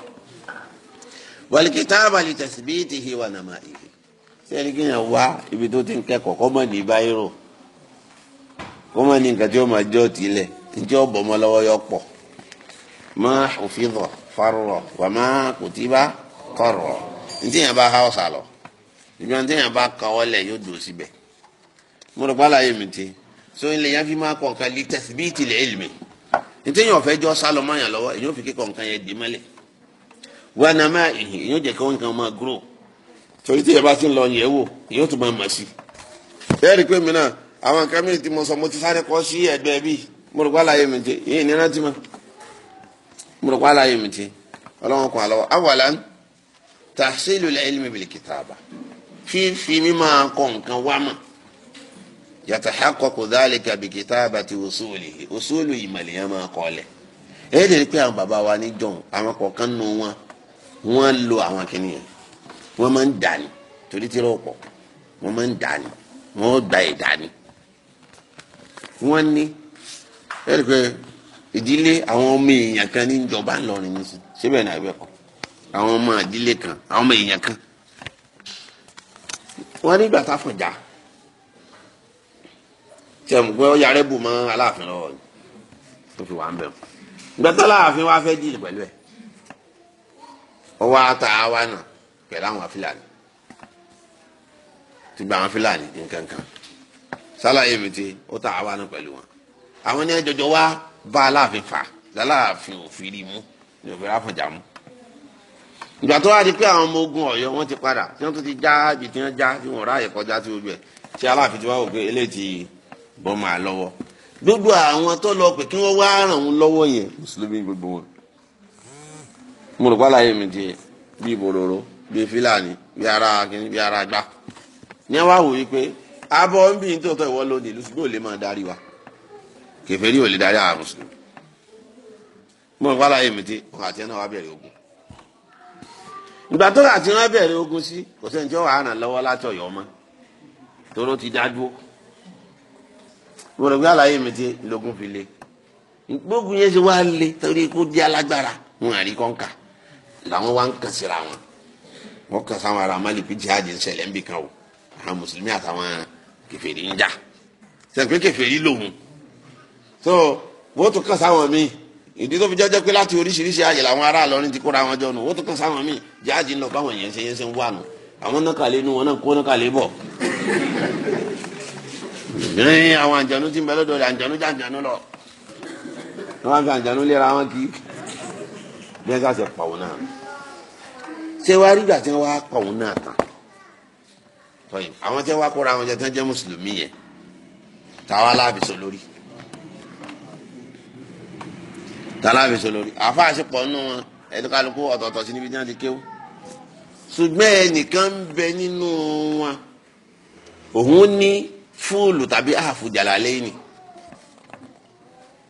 wàlíkìtà àbàlì tẹ̀síbíìtì hi wà nàmà ìhì sẹ́ni kí yẹn wá ibi tó ti ń kẹ́kọ̀ọ́ kọ́ mọ̀ ní báyìírò kọ́ mọ̀ ní nǹkan tí ó máa jọ́ tilẹ̀ tí ó bọ̀ mọ́ lọ́wọ́ yọ pọ̀ má òfin rọ̀ farọ̀ wà má kò tí bá kọ̀rọ̀ ní tí yẹn bá háwọ́sà lọ ìgbà tí yẹn bá kọ́wọ́lẹ̀ yóò dùn síbẹ̀ mo rò pàlà yé mi ti so ilẹ̀ yẹn fi máa kọ̀ nǹkan lè tẹ̀sí bíi tìlẹ̀ ìlmi ntẹ̀yìn ọ̀fẹ́ jọ sálọmọ yàn lọ́wọ́ èyàn fi kíkọ̀ nǹkan yẹn dì mẹ́lẹ̀ wọn náà máa ìhìn èyàn jẹ́ kí wọ́n nǹkan máa grow torí tí yẹn bá ti ń lọ yẹ̀ wò èyàn tún máa mà sí. bẹ́ẹ̀ rí i pé mi náà àwọn nǹkan mi ti mo sọ mo ti sáré kọ́ sí ẹ̀gbẹ́ bíi mo rò pàlà mi ti ìyẹn ní rántí ma mo rò pàlà mi ti ọlọ́wọ́n kan àlọ́wọ́ awalan tahsilul ilmi bil kitaba fífi mímọ́ kọ̀ nǹkan wá mọ̀ yatahaqqaqu dhalika bikitabati usulihi usulu ìmàlẹ́yìn máa kọ́lẹ̀ èyí lè rí pé àwọn bàbá wa ní jọ̀hún àwọn lo àwọn kìnìyàn wọ́n máa ń dàní torí tí ó pọ̀ wọ́n máa ń gba ìdàní wọ́n ní èyí lè pé ìdílé àwọn kan ní ìjọba ńlọrin ní sùn tí a mọ̀ pé ọ̀yà rẹ̀ bù mọ́ aláàfin lọ́wọ́ ni tó fi wà ń bẹ̀ wọn. gbẹ̀tọ́ aláàfin wa fẹ́ dìrì pẹ̀lú ẹ̀ ọwọ́ ata wa nà pẹ̀lú àwọn fúlàní ti gba àwọn fúlàní nkankan sálàyé mi ti ó ta àwa nà pẹ̀lú wọn. àwọn ní ẹjọ́jọ́ wa bá aláàfin fà aláàfin òfin rí ní òfin ráfọ̀jà mú ìgbà tó wá di pé àwọn ọmọ ogun Ọ̀yọ́ wọn ti padà tí wọn tún ti já ibi tí wọn já tí wọn ráàyè kọjá tí ojú ẹ tí Aláàfin ti wá wò pé eléyìí ti bọ́ máa lọ́wọ́ gbogbo àwọn tó lọ pé kí wọ́n wá ràn wọ́n lọ́wọ́ yẹn mùsùlùmí gbogbo wọn. mo rò pálá yẹn mi di bíi bòròrò bíi fílàní bíi ara kìíní bíi ara gbá ní wá wò yí pé abọ́ ń bí ní tòótọ́ lónìí ma ṣùgbọ́n ò máa darí wa darí àwọn mùsùlùmí mo rò pálá yẹn mi wa bẹ̀rẹ̀ ogun ìgbà tó àti ogun sí kò sẹ́ni tí wà á lọ́wọ́ láti ti dá mo rò pé àlàyé mi ti lógún fi le gbógun yẹn ṣe wá le torí kó di alágbára wọn àrí kọ́ńkà làwọn wá ń kàn síra wọn wọn kàn sáwọn ará Málíkì jihadi ń ṣẹlẹ̀ ń bì kan o àwọn mùsùlùmí àtàwọn kèfèrí ń jà sẹ́ni pé kèfèrí lòun so wọ́n tún kàn sáwọn míì ìdí tó fi jẹ́jẹ́ pé láti oríṣiríṣi àyè làwọn ará Ìlọrin ti kóra wọn jọ nù wọ́n tún kàn sáwọn míì jihadi ń lọ báwọn yẹn ṣe yẹn ṣe ń wà nù àwọn náà inú wọn náà kó náà bọ̀ ee àwọn àǹjànú ti ń bẹ lọ́dọ̀ rẹ̀ àǹjànú jàǹjànú lọ wọ́n fi àǹjànú lé ra wọn kí bí wọ́n sàṣẹ pàwọn náà ṣé wàá rí ìgbà tí wọ́n wá pàwọn náà tán àwọn tí wọ́n wá kóra àwọn tí wọ́n jẹ́ mùsùlùmí yẹn táwa láàbìsọ lórí tálábìsọ lórí àfáàṣepọ̀ nù wọn ẹ̀dúkàlùkù ọ̀tọ̀ọ̀tọ̀ sí níbi tí wọ́n ti kéwò ṣùgbọ́n ẹnìkan ń bẹ nínú wọn òun ní fúlù tàbí àhàfù Jalalaini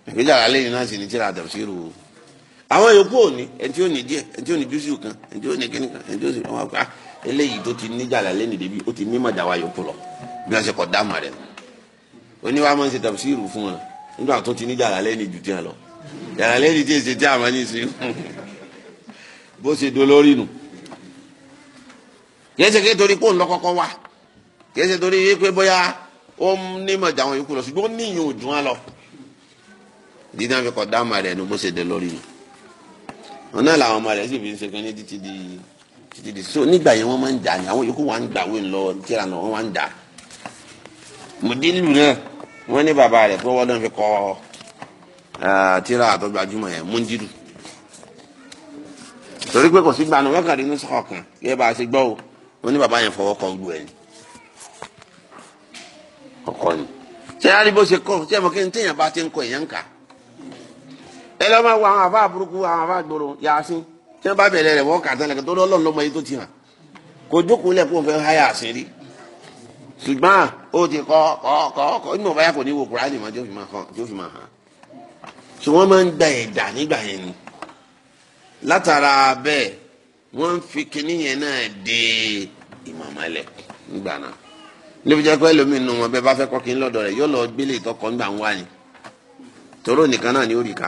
ìgbé Jalalaini náà sì ní tíra tafsiru àwọn yòókù òní ẹni tí ó ní díẹ̀ ẹni tí ó ní júùsì kan ẹni tí ó ní kíní kan ẹni tí ó sì wọn pa ah, eléyìí tó ti ní Jalalaini débi ó ti mímọ̀ dàwa yòókù lọ bí wọ́n ṣe kọ̀ dáàmà rẹ̀ oníwà máa ń ṣe tafsiru fún wọn nígbà tó ti ní Jalalaini jù kìí ṣe kí torí kó ń lọ kọ́kọ́ wá kìí ṣe torí pé bóyá ó ní mọ̀jà àwọn yòókù lọ ṣùgbọ́n ó ní ìyẹn ò dùn án lọ. dídá fi kọ̀ dáàmà rẹ̀ ni bó ṣe dé lórí mi. wọn náà làwọn ọmọ rẹ̀ sì fi ń ṣe ní títí di títí di so nígbà yẹn wọ́n máa ń dà ní àwọn yòókù wà ń gbà wọ́n lọ tíra náà wọ́n wà ń dà. mùdílù náà wọ́n ní bàbá rẹ̀ pé wọ́n náà fi kọ́ tíra àtọ́gbàjúmọ̀ yẹn múndírù torí pé kò sí gbanu mẹ́kàndínlẹ́sọ̀kan kí ẹ bá a ṣe gbọ́ o wọ́n ní bàbá yẹn fọwọ́ kọ gbogbo ẹ̀ àkọ́kọ́ ni ṣé àrí bó ṣe kọ́ ṣé àmọ́ kí n téèyàn bá ti ń kọ èèyàn kà ẹ lọ́ máa wo àwọn àfa àbúrúkú àwọn àfa àgbòrò yàásín tí wọ́n bá bẹ̀rẹ̀ rẹ̀ wọ́n kà tán lẹ́kẹ̀ tó lọ́ lọ́n lọ́mọ yìí tó ti hàn kò jókòó lẹ̀ kó o fẹ́ háyà àṣírí ṣùgbọ́n ó ti kọ́ kọ́ kọ́ kọ́ nínú ọ̀báyà kò ní wo kùránì mọ́ tí ó fi máa hàn tí ó fi máa hàn ṣé wọ́n máa ń gba ẹ̀dà nígbà yẹn ni látara bẹ́ẹ̀ wọ́n ń fi kinní yẹn náà de ìmọ̀mọ́lẹ̀ nígbà náà níbi jẹ́ pé lómi nù wọn bẹ́ẹ̀ bá fẹ́ kọ́ kí n lọ́dọ̀ rẹ̀ yóò lọ gbélé ìtọ́kọ̀ ńgbà ń wá ni tòró nìkan náà ni ó rì ká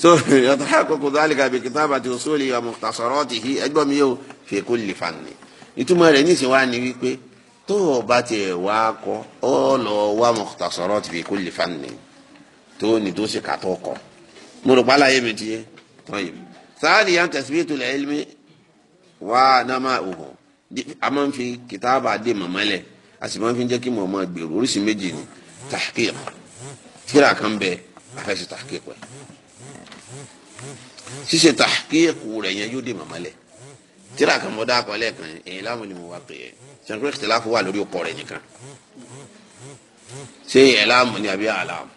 so yatahaqqaqu dhalika bi kitabati usuli wa mukhtasaratihi ẹgbọ́n mi yóò fi kulli fanni ìtumọ̀ rẹ̀ níṣẹ́ wá ni wípé tó o bá tiẹ̀ wá kọ́ ọ lọ wá mukhtasarati fi kulli fanni tó o ní tó ṣe kàtọ́ kọ́ mo rò pálá yé mi ti tọ́yìn sáà nìyà tasbitul ilmi wa nama'uhu a máa ń fi kìtàbà dé màmá lẹ̀ a sì máa ń fi jẹ́ kí mọ̀ ọmọ gbèrò oríṣi méjì ni tahqiq tíra kan bẹ afẹ́sẹ̀ tahqiq ẹ̀ ṣíṣe tahqiq rẹ̀ yẹn yóò dé màmá lẹ̀ tíra kan mọ́ dá akọ lẹ́ẹ̀kan èyí láwọn ni mo wá pè é ṣàǹkúrẹ́ ikhtilafu wà lórí ọkọ rẹ̀ nìkan ṣé ẹ̀ láàmú ni àbí àlàmú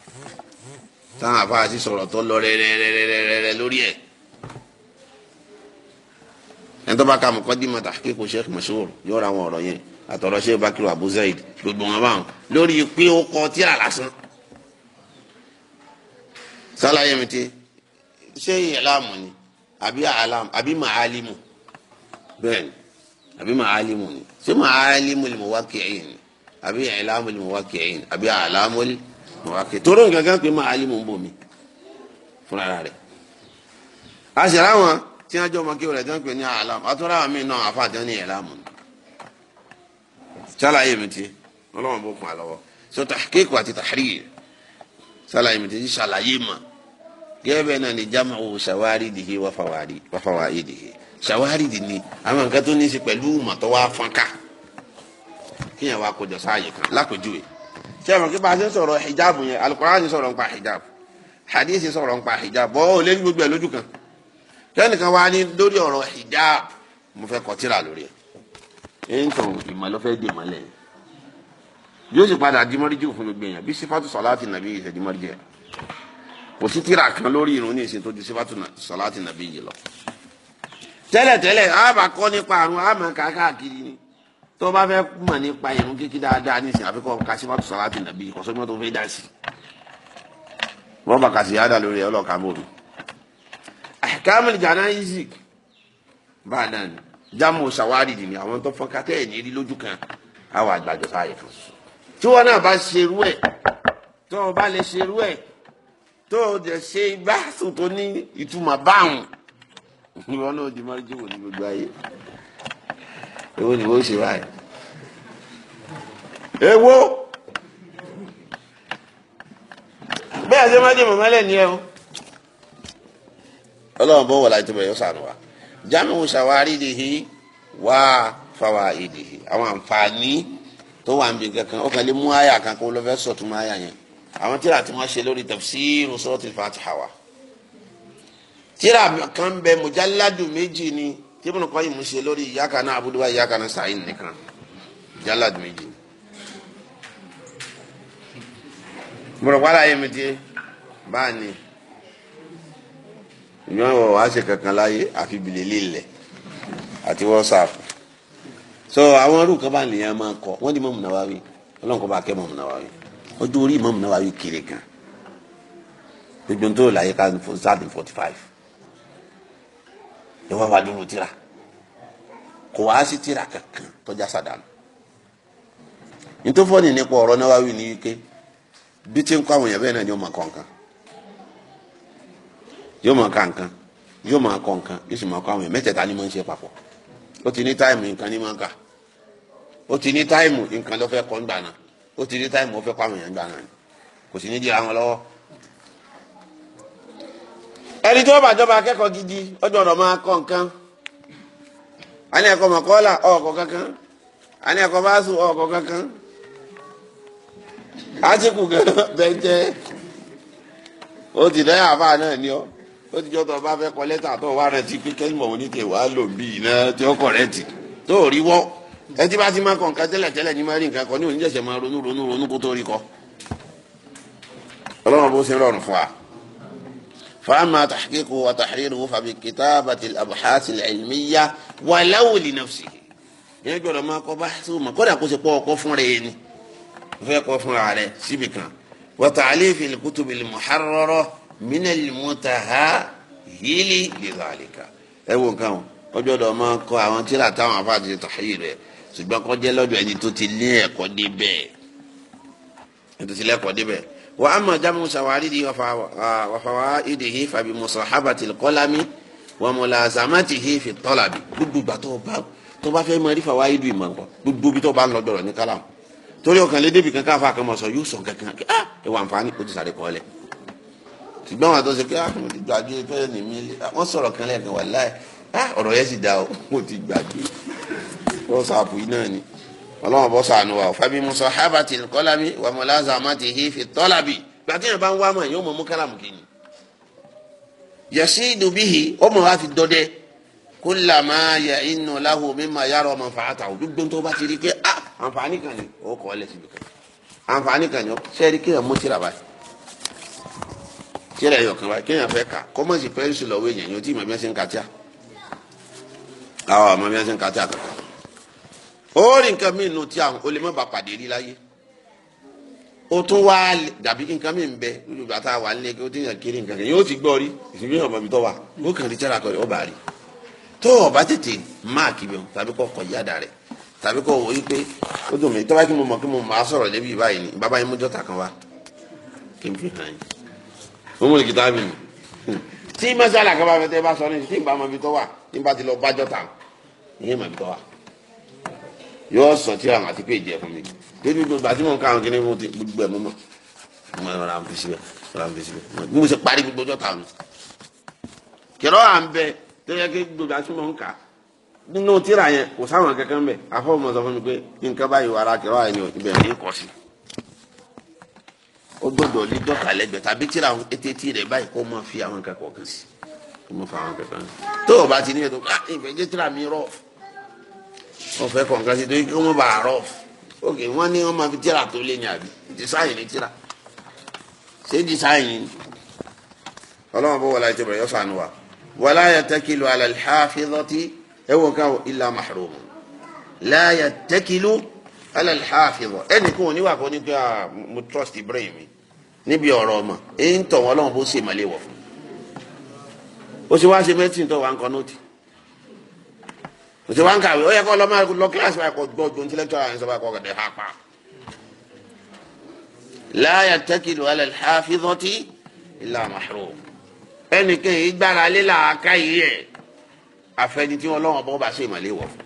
táwọn àfáà sọ̀rọ̀ tó lọ rẹ́rẹ́rẹ́rẹ́rẹ́ lórí ẹ̀ ẹni tó bá ka muqaddimah tahqiq sheikh Mashur yóò ra àwọn ọ̀rọ̀ yẹn àtọ̀rọ̀ sheikh bakiru abu zaid gbogbo wọn báwọn lórí pé ó kọ tíra lásán sálàyé mi ti ṣé ìlàmù ni àbí àlàmù àbí màálìmù bẹ́ẹ̀ ni àbí màálìmù ni ṣé màálìmù ni mo wá kí ni àbí ìlàmù ni mo wá kí àbí àlàmù ni mo wá kí toró nǹkan kan pé màálìmù ń bò mí fúnra rẹ̀ tí wọ́n jọ ọmọ kí wọ́n rẹ̀ tí wọ́n pè ní alam àtúrà mi náà àfàjọ ní ẹ̀lámù ni sálàyé mi ti ọlọ́wọ́n bó kún àlọ́wọ́ so tahqiq àti tahrir sálàyé mi ti ti sàlàyé mà gẹ́gẹ́ bẹ́ẹ̀ náà ni jam'u shawaridihi wa fawaidihi shawaridi ni àwọn nǹkan tó ní í ṣe pẹ̀lú mọ̀tọ́ wá fọ́nká kíyàn wá kójọ sáàyè kan lápèjúwe ṣé àwọn kí bá a ṣe ń sọ̀rọ̀ hijab yẹn Al-Qur'an sọ̀rọ̀ nípa hijab hadith sọ̀rọ̀ nípa hijab bọ́ ọ lé ní gbogbo ẹ̀ lójú kan tẹnìkan wá ní lórí ọ̀rọ̀ hijab mo fẹ́ kọ tírà lórí ẹ ẹyìn tó ìmọ̀ ló fẹ́ dè mọ́lẹ̀ bí ó sì padà di mọ́ríjì fún gbogbo èèyàn bí sífàtú sọláàtì nàbí yìí ṣẹ̀dí mọ́ríjì ẹ̀ kò sí tírà kan lórí irun ní ìsìn tó ju sífàtú sọláàtì nàbí yìí lọ. tẹ́lẹ̀tẹ́lẹ̀ a kọ́ nípa àrùn a káàkiri ni tó bá fẹ́ mọ̀ nípa irun kíkí dáadáa ní ìsìn àfikọ́ ka sífàtú sọláàtì nàbí yìí kọ́sọ́ ahkamul janaizi bá a dàn jámù sàwádìí ni àwọn tó fọ́n kátẹ́ ẹ̀ ní rí lójú kan àwọn àgbàjọ sáyẹ fún un tí wọn náà bá ṣerú ẹ̀ tó o bá lè ṣerú ẹ̀ tó o dẹ̀ ṣe báàsù tó ní ìtumọ̀ báwọn ìwọ náà di mọ́rí jíwò ní gbogbo ayé èwo ni wọ́n ṣe báyìí èwo bẹ́ẹ̀ ṣe má jẹ́ mọ̀mọ́lẹ̀ ni ẹ o ọlọ́run bọ́ wọ̀ láti bẹ̀rẹ̀ yóò sànù wa jamiu shawaridihi wa fawaidihi àwọn àǹfààní tó wà níbi kankan ó kàn lè mú àyà kan kó lọ́fẹ́ sọ̀tún àyà yẹn àwọn tíra tí wọ́n ṣe lórí tafsiru suratul Fatiha wa tíra kan bẹ mujalladu méjì ni tí kọ́ ìmú ṣe lórí iyyaka na'budu wa iyyaka nasta'in nìkan mujalladu méjì mo rọ̀ wá mi tiẹ̀ báà ìyọ́n ìwọ̀ wá ṣe kankan láyé àfi bìlẹ̀ lílẹ̀ àti whatsapp so àwọn irú kan bá nìyẹn máa kọ wọ́n di Imam Nawawi ọlọ́run kọ́ bá kẹ́ Imam Nawawi ọjọ́ orí Imam Nawawi kéré gan gbogbo tó láyé ká sáàdì forty five ìwà wà dúró tíra kò wá sí tíra kankan tọ́já sàdánù nítorí fọ́ọ̀nì nípa ọ̀rọ̀ Nawawi ní wíké bí tí ń kọ́ àwọn èèyàn bẹ́ẹ̀ náà ni ó máa kọ̀ nǹkan yóò máa ka nǹkan yóò ma kọ nǹkan yóò sì mọ àwọn èèyàn ni mo ń ṣe papọ̀ ó ti ní táìmù nǹkan ni ma ń kà ó ti ní táìmù nǹkan ló fẹ kọ ńgbà náà ó ti ní táìmù ó fẹ́ kọ́ àwọn ni kò sì ní gidi máa nǹkan àní kankan àní ó ti jọ́ tó o bá fẹ́ kọ lẹ́tà tó o wá rẹ̀ ti pé kẹ́yìn mọ̀wó ní tèwá lò bí iná tí ó kọ̀ rẹ̀ ti tó o rí wọ́ ẹ ti bá ti máa kọ̀ nǹkan tẹ́lẹ̀ tẹ́lẹ̀ ní máa rí nǹkan kọ ní oníjẹ̀sẹ̀ máa ronú ronú ronú kó tó rí kọ. ọlọ́run bó ṣe rọrùn fún wa. فأما تحقيقه وتحريره فبكتابة الأبحاث العلمية ولو لنفسه yẹn gbọ́dọ̀ máa kọ bá sóòmà kódà kó ṣe pọ ọkọ fúnra ẹ ni fẹ kọ fúnra rẹ síbi kan wa ta'alif al-kutub minal mutaha hili lidhalika ẹ wo nǹkan o ọjọ́ dọ̀ máa kọ àwọn tíra táwọn afa ti tàyè rẹ ṣùgbọ́n kọ́ jẹ́ lọ́dọ̀ ẹni tó ti ní ẹ̀kọ́ débẹ̀ ẹni tó ti lẹ́kọ̀ọ́ débẹ̀ wa amma jamu sawaridi wa fawaidihi fabi musahhabati alqalami wa mulazamatihi fi talabi gbogbo ìgbà tó bá tó bá fẹ́ máa rí fàwa ìdù ìmọ̀ nǹkan gbogbo ibi tó bá ń lọ dọ̀rọ̀ ní kálá torí ọkàn lédèbì kankan afa kan mọ̀ sọ yóò sọ kankan ah ẹ wà nfààní o ti sàrẹ̀ kọ́ lẹ̀ ṣùgbọ́n àwọn àtọ́sẹ̀ pé ah mo ti gbàgbé fẹ́rẹ̀ ní mi wọ́n sọ̀rọ̀ kan lẹ́ẹ̀kan wà láì ah ọ̀rọ̀ yẹn sì da o mo ti gbàgbé wọ́sàpù yìí náà ni ọlọ́wọ́n bọ́ sànù wa fàbí musa habati kọ́lámi wà mọ́ láza àmàtì hi fi tọ́lábì gbàtíyàn bá ń wá mọ̀ yóò mọ̀ mú kálàmù kìíní. yẹ̀sí ìdùbíhi ọmọ wa fi dọdẹ kó làmà yẹ inú láhùn mi máa yára ọmọ nfa àtàwọn dúgbò tó bá ti rí pé ah àǹfààní kan ni ó kọ́ ọ lẹ́sìn bìkan àǹfààní kan ni ó sẹ́ẹ̀rí kéèyàn mú tíra báyìí tíra ẹyọ kan báyìí kéèyàn fẹ́ kà kọ́mọ̀sì pẹ́ńsì lọ́wọ́ èèyàn yóò tí ìmọ̀ bí wọ́n ṣe ń ka tíà àwọn ọmọ bí wọ́n kankan ó nǹkan míì nù tíà o lè má ba pàdé rí láyé o tún wá dàbí nǹkan míì bẹ lójú ìgbà wà nílé kí o ti yàn kiri nǹkan kan yóò ti gbọ́ rí ìṣègùn ọmọ mi tọ́ wa ó kàn rí tíra kan rẹ̀ ó bá rí tó o bá tètè máàkì mi tàbí kọ́ kọ́ yáda rẹ̀ tàbí kọ́ wọ́n yí pé ó dùn mí tọ́ba kí mo mọ̀ kí mo máa sọ̀rọ̀ débi báyìí ni bàbá yín mú jọ́ta kan wá kí n fi hàn yín ó mú kìtàbí tí mẹsàlá kan bá fẹ́ tẹ bá sọ ní tí n bá mọ ibi tó wà tí n bá ti lọ bájọ tà ìyẹn mọ ibi tó wà yóò sọ tí àwọn àti péjì ẹ fún mi débi gbogbo àti mò ń ká àwọn kìnìún ti gbogbo ẹ mọmọ mo rà ń fi síbẹ̀ rà ń fi síbẹ̀ mo sì parí gbogbo ọjọ́ tà mí kìlọ́ à ń bẹ tó yẹ kí gbogbo àti mò ń nínú tíra yẹn kò sáwọn kankan bẹ àfọwọ́mọ fún mi pé nǹkan báyìí wàrà kìlọ́ àyẹ̀wò ibẹ̀ ní kọ̀ sí i ó gbọ́dọ̀ ní dọkàlẹgbẹ tàbí tíra àwọn etétí rẹ báyìí kó máa fi àwọn nǹkan kọ̀ọ̀kan sí kó máa fa àwọn nǹkan kan tó o bá ti ní ètò ah ìfẹ́ jẹ́ tíra mi rọ̀ wọ́n fẹ́ kọ̀ọ̀kan sí torí kí wọ́n bá rọ̀ ok wọ́n ní wọ́n máa fi tíra tó lé ní àbí dísáyìn ní tíra ṣé dísáyìn ọlọ́wọ́n bó wọlé ìjọba yóò sànù wa wọlé ayẹtẹkìlú alẹ́ hafidọ́tì ẹ̀wọ̀n ká ilà màhrúmù láyẹtẹkìlú alàlhàfìwọ̀ ẹnì kan oníwà kan ní pé ah, mo trust Ibrahim níbi ọ̀rọ̀ ọmọ èyí ń tọ̀ wọ́n lọ́wọ́ bó ṣe mọ̀lẹ́ wọ̀ fún o ṣe wá ṣe mẹ́tì tó wà ń kọ́ nóòtì o ṣe wá ń kàwé ó yẹ kó lọ́ máa lọ kíláàsì wa kó gbọ́ ojú ní lẹ́tọ́ àwọn ìṣọ́ba kọ́ hapa. láyà tẹ́kìlù alàlhàfìdọ́tì ìlà màṣúrò ẹnì kan yìí gbára yìí ẹ̀ àfẹ́ni tí wọ́n lọ́wọ́ bó bá ṣe mọ̀lẹ́ wọ̀ fún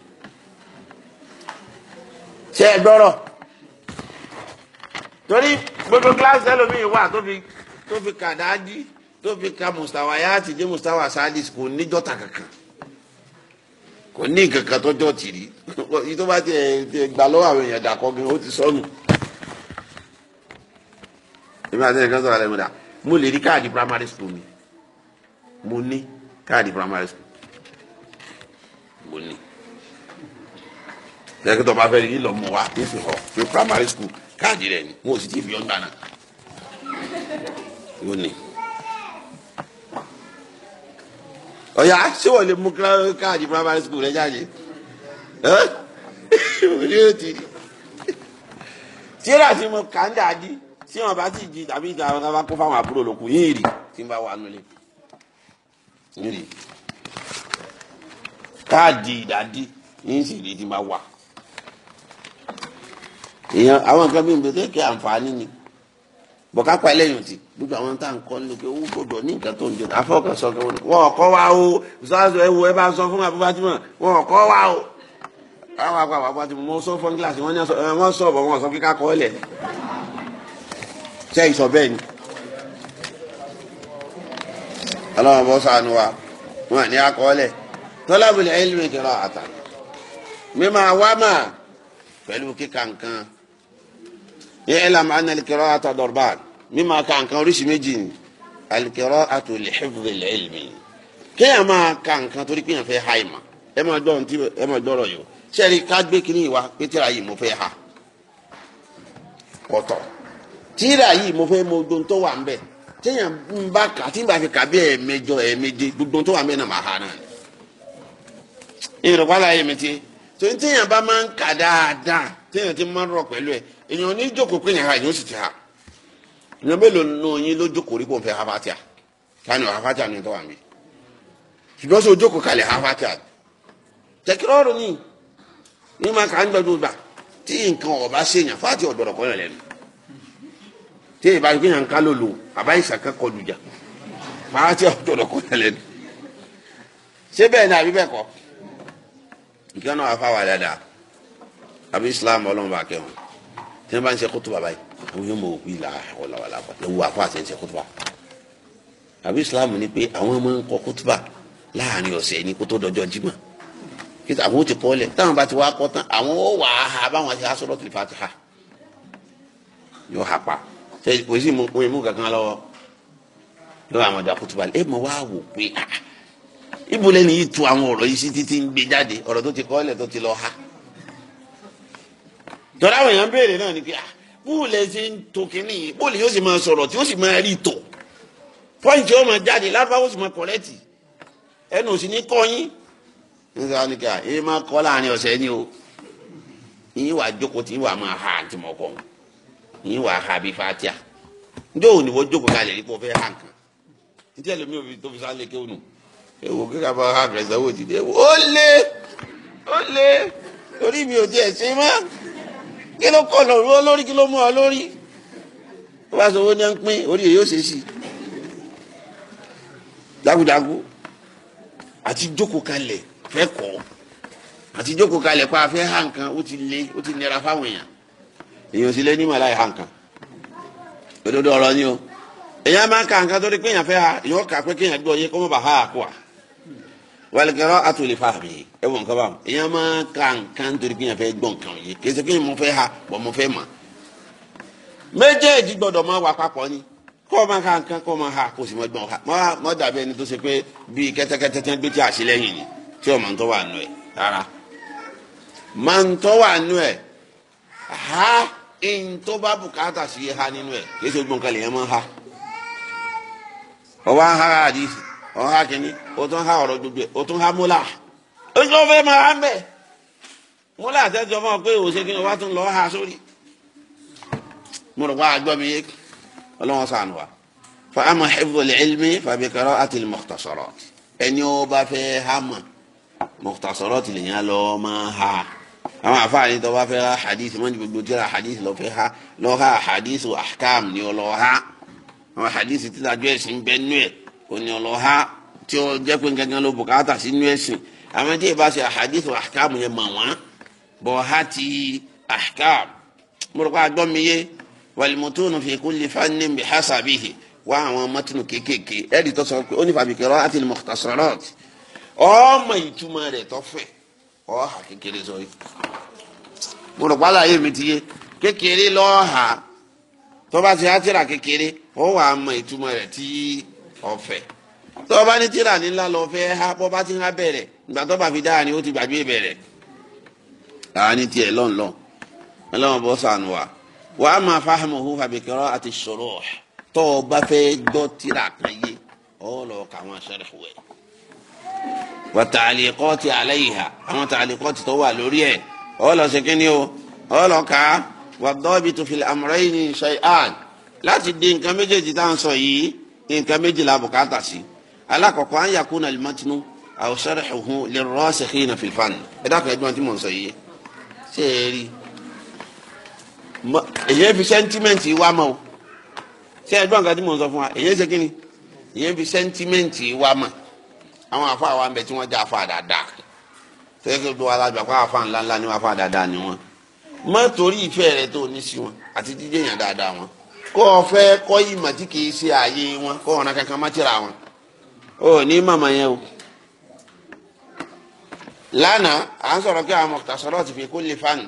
ṣe é gbọ́rọ̀ torí gbogbo kíláàsì ẹlòmíì wà tó fi tó fi kàdájí tó fi ka mùsàwá yá àti jẹ́ mùsàwá sáàdìs kò ní jọ́ta kankan kò ní kankan tó jọ́ tìrí yìí tó bá ti ẹ̀ gbà lọ́wọ́ àwọn èèyàn dàkọ́ gan ó ti sọnù. èmi àti ẹ̀ka sọ̀rọ̀ lẹ́nu mo lè rí káàdì primary school mi mo ní káàdì primary school mo ní lẹ́yìn tó bá fẹ́ yí lọ́mọ wa tó fi họ fi primary school káàdì rẹ̀ ni wọn ò sì ti fi ọgbà náà yóò ní. ọ̀yà ṣé wọ́n lè mú káàdì primary school rẹ̀ jáde orí ètì ṣé mo mú kàńdà dí tí wọn bá sì jí tàbí ìta wọn bá kó fáwọn àbúrò lókun yín rì tí n bá wà nílé yín rì káàdì ìdádí yín sì rí tí n bá wà èèyàn àwọn nǹkan bíi gbèsèké àǹfààní ni bọ̀ká pa ẹlẹ́yìn tì gbogbo àwọn tá à ń kọ́ ní lókè owó gbọdọ̀ ní nǹkan tó ń jẹ afọ́kàn sọ kí wọ́n ọ̀kọ́ wa o sọ́wọ́sọ ẹ wo ẹ bá sọ fún àbúrò àti mọ̀ wọ́n ọ̀kọ́ wa o àwọn àpò àbúrò àti mọ̀ sọ fún kíláàsì wọ́n sọ ọ̀bọ̀ wọn sọ kíkà kọ́ lẹ̀ ṣe ìsọ bẹ́ẹ̀ ni ọlọ́run bọ́ sànù wa wọn ní akọ́lẹ̀ tọ́lábùlẹ̀ ẹ̀lmì kìrọ̀ àtà mímọ àwa mà pẹ̀lú kíkà nǹkan i'lam anna al-qira'ata darban mímọ ka nǹkan oríṣi méjì ni al-qira'atu li hifdh al-ilmi kéèyàn máa ka nǹkan torí pé èèyàn fẹ́ ha ìmọ̀ ẹ máa gbọ́ ntí ẹ máa gbọ́rọ̀ yìí o sẹ́ẹ̀rì ká gbé kínní ìwà pé tíra yìí mo fẹ́ ha kọ̀tọ̀ tíra yìí mo fẹ́ mọ gbogbo tó wà ń bẹ̀ téèyàn ń bá kà tí n bá fi kà bí ẹ̀ẹ̀mẹjọ ẹ̀ẹ̀méje gbogbo tó wà ń bẹ̀ náà máa ha náà ni ìrọ̀pá láyé mi ti tòun téèyàn bá máa ń kà dáadáa téèyàn ti máa ń rọ̀ pẹ̀lú ẹ̀ èèyàn ní jókòó pé yẹn ha èèyàn sì ti ha èèyàn mélòó nù yín ló jókòó kó n fẹ́ ha tani ha fatia ni tọ́wà mi ṣùgbọ́n sọ jókòó kalẹ̀ ha fatia ni ní ma kà ń gbẹdùn gbà tí nǹkan ọba ṣèyàn fatia ọ̀dọ̀rọ̀ kọ́ yẹn lẹ́nu tí èyí bá yẹ kó yẹn ká ló lò àbá yìí sàkà kọ lùjà fatia ọ̀dọ̀rọ̀ kọ́ yẹn lẹ́nu ṣé bẹ́ẹ̀ ni àbí bẹ́ẹ̀ kọ́ nǹkan náà wà dáadáa àbí Islam ọlọ́run bá kẹ́hùn tí wọ́n bá ń ṣe kótó bàbá yìí àwọn yóò mọ òkú ìlà ọ̀làwàlà ewu àpá àti ẹ̀ṣẹ̀ kótó bà àbí Islam ni pé àwọn ọmọ ń kọ kótó bà láàrin ọ̀sẹ̀ ní kótó dọjọ́ Jímọ̀ kí àwọn ó ti kọ́ lẹ̀ táwọn bá ti wá kọ́ tán àwọn ó wà á ha báwọn ti aṣọ lọ́tìlì Fatiha yóò ha pa ṣe kò sí mo mú kankan lọ́wọ́ yóò àwọn ọjà kótó bà ẹ mọ wá wò pé ah, ah, ah, ibo lẹ́ni yìí tu àwọn ọ̀rọ̀ yìí sí títí ń gbé jáde ọ̀rọ̀ tó ti kọ́ lẹ̀ tó ti lọ ha tọ́lá àwọn èèyàn béèrè náà ni pé ah bó lẹ ṣe ń to kínní yìí bó yóò sì máa sọ̀rọ̀ tí ó sì máa rí tò pọ́ǹtì ó máa jáde lárúbáwò sì máa kọ̀rẹ́tì ẹnu òsì ní kọ́yìn nígbà wọn ni kí ah, ẹ máa kọ́ láàrin ọ̀sẹ̀ ni o yín wàá jókòó tí yín wàá máa ha àti mọ̀kọ́ yín wàá ha bí fatia njẹ́ òun ni wọ́n jókòó kalẹ̀ rí kó fẹ́ ha nǹkan njẹ́ lómi ò fi tó fi sálẹ̀ kéwòn nù ewu kí ká bá ha kẹsàn-án wò ti dé ó lé ó lé orí mi ò tiẹ̀ ṣe mọ́. kí ló kọ lọ rú ọ lórí kí ló mú ọ lórí ó bá sọ owó ní ẹ ń pín orí èyí ó ṣe sí i àti jókòó kalẹ̀ fẹ́ kọ́ àti jókòó kalẹ̀ pa hàn kan ó ti ó ti nira fáwọn èèyàn èèyàn sì lé ní màláì hàn kan òdodo ni o èèyàn máa ń ka nǹkan tó rí pé èèyàn fẹ́ ha èèyàn kà wàlìkẹ́rọ́ àtúlẹ̀ fàbí ẹ̀wọ̀n nǹkan báwọn èèyàn máa ka nǹkan torí pé èèyàn fẹ́ gbọ́ nǹkan yìí kì í ṣe pé mo fẹ́ ha bọ̀ mo fẹ́ mọ̀ méjèèjì gbọ́dọ̀ máa wà papọ̀ ni kó o máa ka nǹkan kó o máa ha kó o sì máa gbọ́n ha mọ́ dàbí ẹni tó ṣe pé bíi kẹ́tẹ́kẹ́tẹ́ tí wọ́n gbé tí a ṣe lẹ́yìn ni tí o máa ń tọ́ wà nù ẹ̀ rárá máa ń tọ́ wà nù ẹ̀ ha ntọ́ bá bùkátà sí ha nínú ẹ̀ kì í ṣe gbọ́n kalẹ̀ yẹn ha ọba ń ha àdìsí ọ̀n ha kìíní o tún ha ọ̀rọ̀ gbogbo ẹ̀ o tún ha múlà o tún fẹ́ máa ń bẹ̀ múlà tẹ́tí ọmọ pé o ṣe kí ni wàá tún lọ́ọ́ ha sórí mo rò wá àjọ mi yé ọlọ́wọ́n sànù wa fa ama hifdhul ilmi fa bi qira'atil mukhtasarat ẹni o bá fẹ́ ha mọ̀ mukhtasarat lè yàn lọ́ọ́ máa ha àwọn àfáàní tó bá fẹ́ ha hadith mọ́ni gbogbo tí hadith lọ́ fẹ́ ha lọ́ ha hadith ahkam ni ọ lọ́ ha àwọn hadith tí dájọ́ ẹ̀sìn bẹ́ẹ̀ nú ẹ̀ òní ọlọ́ha tí ó jẹ́ pé gangan ló bùkátà sínú ẹ̀sìn àwọn tí ìbá ṣe àhàdìsù àkàmù yẹn mọ̀ wọ́n bọ̀ ha ti àkàmù mo rò pé agbọ́miyé wàlìmọ́tòónù fi kulli fannin bi hasabihi wá àwọn mọ́tìnù kéékèèké ẹ̀rí tó sọ pé ó ní fàbíkẹ́rọ́ àti mukhtasarat ọmọ ìtumọ̀ rẹ̀ tó fẹ̀ ọ́ hà kékeré sọ yìí mo aláyé mi ti yé kékeré lọ́ọ́ tó bá ti hátìrà kékeré ó wà á ìtumọ̀ rẹ̀ tí ọ̀fẹ́ tó o bá ní tíra nílá lọ fẹ́ ha bọ́ bá ti ń ha bẹ̀rẹ̀ ìgbà tó bá fi dáa ni ó ti gbàgbé bẹ̀rẹ̀ àání tiẹ̀ lọ́nlọ́n ọlọ́run bọ́ sànù wa wàá máa fáhàmù hu fàbíkẹ́rọ́ àti sọ̀rọ̀ tó o bá fẹ́ gbọ́ tíra kan yé ọ lọ kà wọn sẹ́rẹ̀ wẹ̀ wà tàlíkọ́ ti alẹ́ yìí àwọn tàlíkọ́ ti tó wà lórí ẹ̀ ọ lọ o ọ lọ wà dọ́bi tó fi amúrẹ́yìn ṣe àn láti di nǹkan méjèèjì tá à ń sọ yìí nǹkan méjìlá bùkátà sí alákọ̀ọ́kọ́ an yakuna al-matnu aw sharhuhu lirrasikhina fil fann ẹ dákun ẹgbẹ́ wọn tí mò ń sọ yìí ṣé ẹ rí èyí fi sẹ́ńtímẹ́ǹtì wá mọ́ o ṣé ẹgbẹ́ nǹkan tí mò ń sọ fún wa èyí ṣe kíni èyí fi sẹ́ńtímẹ́ǹtì wá mọ́ àwọn afọ àwọn àmbẹ tí wọ́n jẹ́ afọ àdáadáa fẹ́ẹ́ kí gbogbo alájọ kó afọ ńláńlá ni wọ́n afọ àdáadáa ni wọ́n mọ́ torí ìfẹ́ rẹ tó ní sí wọn àti jíjẹ́ yàn dáadáa wọn kó o fẹ́ kọ́ ìmọ̀ tí kìí ṣe ààyè wọn kó ọ̀nà kankan má tìra wọn ò ní màmá yẹn o. lánàá à ń ka pé àwọn mọ̀tàsọ́rọ̀ ti fi kó lè fáànù